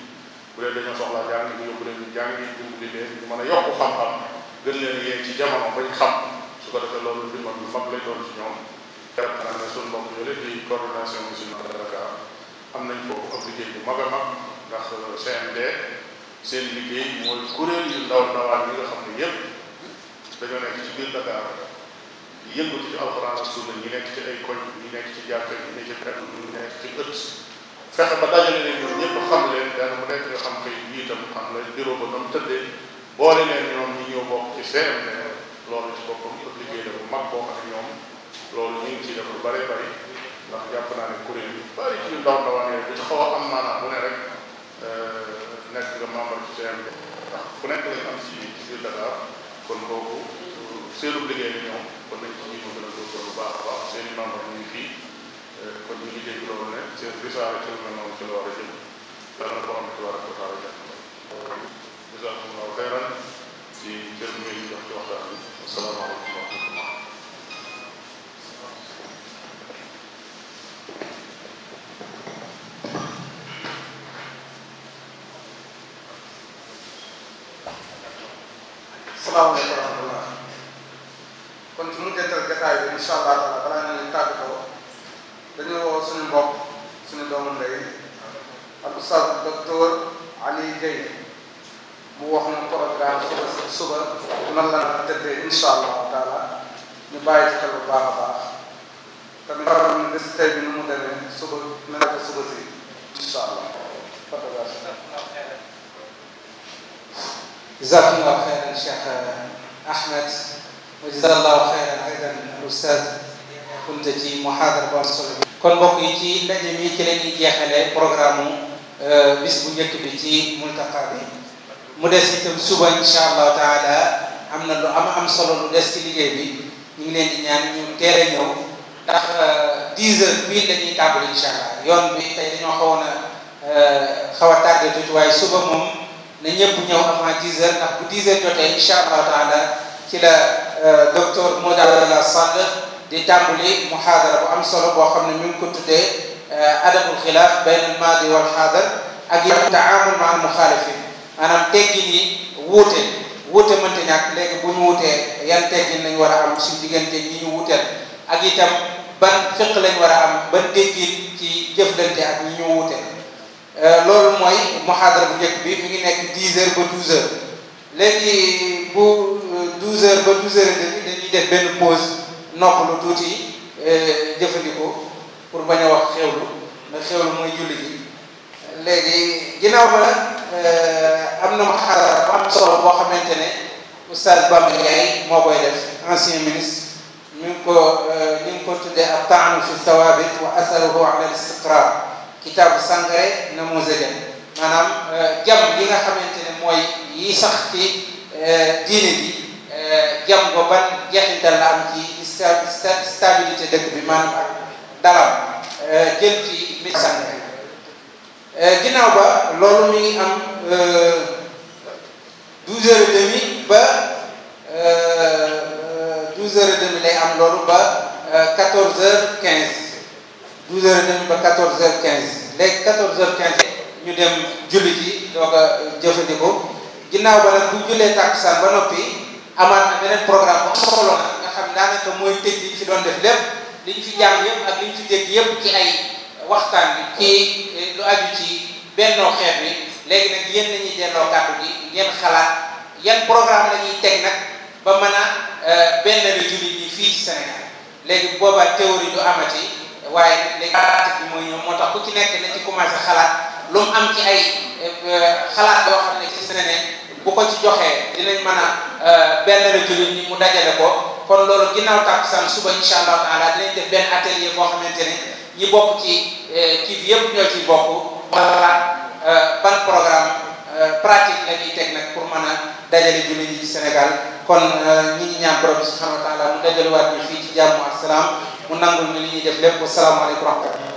[SPEAKER 17] bu dee dañoo soxlaa jàng ñu yóbbu leen ñu jàng yi dimbali leen ñu mën a yokku xam-xam gën leen yéen ci jamono bañ xam su ko defee loolu bi moom lu mag lay doon ci ñoom yaakaar naa suñu mbokk yooyu di coordination musulmane a mag ndax euh, seen liggéey mooy kuréel yu ndaw ndawaan yi nga xam ne yëpp dañoo nekk ci biir Dakar di yëngatu ci alxuraan ak sunna ñi nekk ci ay koñ ñi ci jàkka ñi nekk ci kàddu ñi nekk ci ëtt fexe ba dajale leen ñoom ñëpp xam leen daana mu nekk nga xam kay itam xam la bureau ba nam leen ñoom ñi ñëw bokk ci CMD loolu ci boppam ëpp liggéey la bu mag boo xam ne ñoom loolu ñu ngi ciy def lu bëree bëri ndax jàpp naa ne kuréel yu bëri ci ndaw ndawaan yooyu xaw a am maanaam bu nekk nga membre CMD ndax ku nekk lañ am ci ci biir Dakar kon kooku seenu liggéey ni ñoom kon nañ ci ñu gën a góorgóorlu bu baax a baax seen i membre ñu ngi fii kon ñu ngi dégg loolu ne seen risaare ci la noonu ci la war a jëm dana ko am ci war a ko taal jàpp bisaakum laaw xeyran ci cër muy jox ci waxtaan bi asalaamaaleykum wa rahmatulah
[SPEAKER 3] asalaamaaleykum wa rahmatulah kon ci mujjantal jotaay bi incha allah taala balaa ñu tàggatoo dañuy woo suñu mbokk suñu doomu ndey ak oustaz docteur Ali Guèye mu wax na programme suba suba nan la nga tëddee incha allah taala ñu bàyyi ci xel bu baax a baax tamit xam ne bés tey bi nu mu demee suba na ko suba si incha allah.
[SPEAKER 14] jazakumullah الشيخ أحمد وجزاه الله خيرا أيضا الأستاذ kunte ci muhaadara bu am solo bi kon mbokk yi ci ndaje mi programme bis bu njëkk bi ci multaqa mu des itam suba insha allahu taala am na lu am am solo lu des ci liggéey bi ñu ngi leen di ñaan ñu teel a ñëw ndax 10 heures allah yoon bi tey dañoo xawoon a xaw a tardé tuuti waaye ne ñëpp ñëw avant 10 heures ndax bu 10 heures jotee incha allah taala ci la euh, docteur Modou Abdallah Sall di tàmbali muhaadara bu am solo boo xam ne ñu ngi ko tuddee euh, adabul xilaaf bayn al maadi wal xaadar ak yow taamul ma al muxaalifin maanaam te yi wuute wuute mënta ñàkk léegi bu ñu wuutee yan teggin lañ war a am suñ diggante ñi ñu wuuteel ak itam ban fiq lañ war am ban teggin ci jëflante ak ñi ñu wuuteel Euh, loolu mooy muhaadara bu njëkk bi mi ngi nekk dix heures ba douze heures léegi bu euh, douze heures ba douze heures et demi dañuy def benn pause noppalu tuuti euh, jëfandikoo pour bañ a wax xewlu ndax xewlu mooy julli ji léegi ginnaaw ba am na muhaadara bu am solo boo xamante ne oustaz Bamba Ndiaye moo koy def ancien ministre mi ko ñu ngi ko tuddee ab taanu fi sawaabit wa asaluhu ala istiqrar kitaabu sangare na mosegen maanaam euh, jam gi nga xamante ne mooy yi sax ci euh, diine ji euh, jam ba ban jeexintal la am ci stabilité dëkk bi maanaam ak dalam jël ci mbir sangare ginnaaw ba loolu mi ngi am douze heures et demi ba douze heures et demi lay am loolu ba quatorze heures 12 heures dem ba 14 heures 15 léegi 14 heures 15 ñu dem julli ji doo ko jëfandikoo ginnaaw ba nag bu jullee takkusaan ba noppi amaat na beneen programme bu am solo nag nga xam daanaka mooy tëj li ñu fi doon def lépp li ñu fi jàng yëpp ak li ñu fi dégg yëpp ci ay waxtaan bi ci eh, lu aju ci bennoo xeet bi léegi nag yéen la ñuy delloo kàddu bi ngeen xalaat yan programme la ñuy teg nag ba mën a eh, benn la julli yi fii ci Sénégal léegi boobaa théorie du amati. waaye nag léegi pratique bi mooy ñoom moo tax ku ci nekk na ci commencé xalaat lu mu am ci ay euh, xalaat yoo xam ne gis na bu ko ci joxee dinañ mën a euh, benn la jullit ñi mu dajale ko kon loolu ginnaaw tàkkusaan suba insha allahu taala dinañ def benn atelier boo xamante ne ñi bokk ci euh, kii bi yëpp ñoo ciy bokk xalaat ban programme Euh, pratique la ñuy teg nag pour mën a dajale jullit yi Sénégal kon euh, ñi ngi ñaan borom bi subhanahu wa taala mu dajalewaat ñu fii ci jàmm ak salaam mu nangul ñu li ñuy def lépp wasalaamaaleykum wa rahmatullah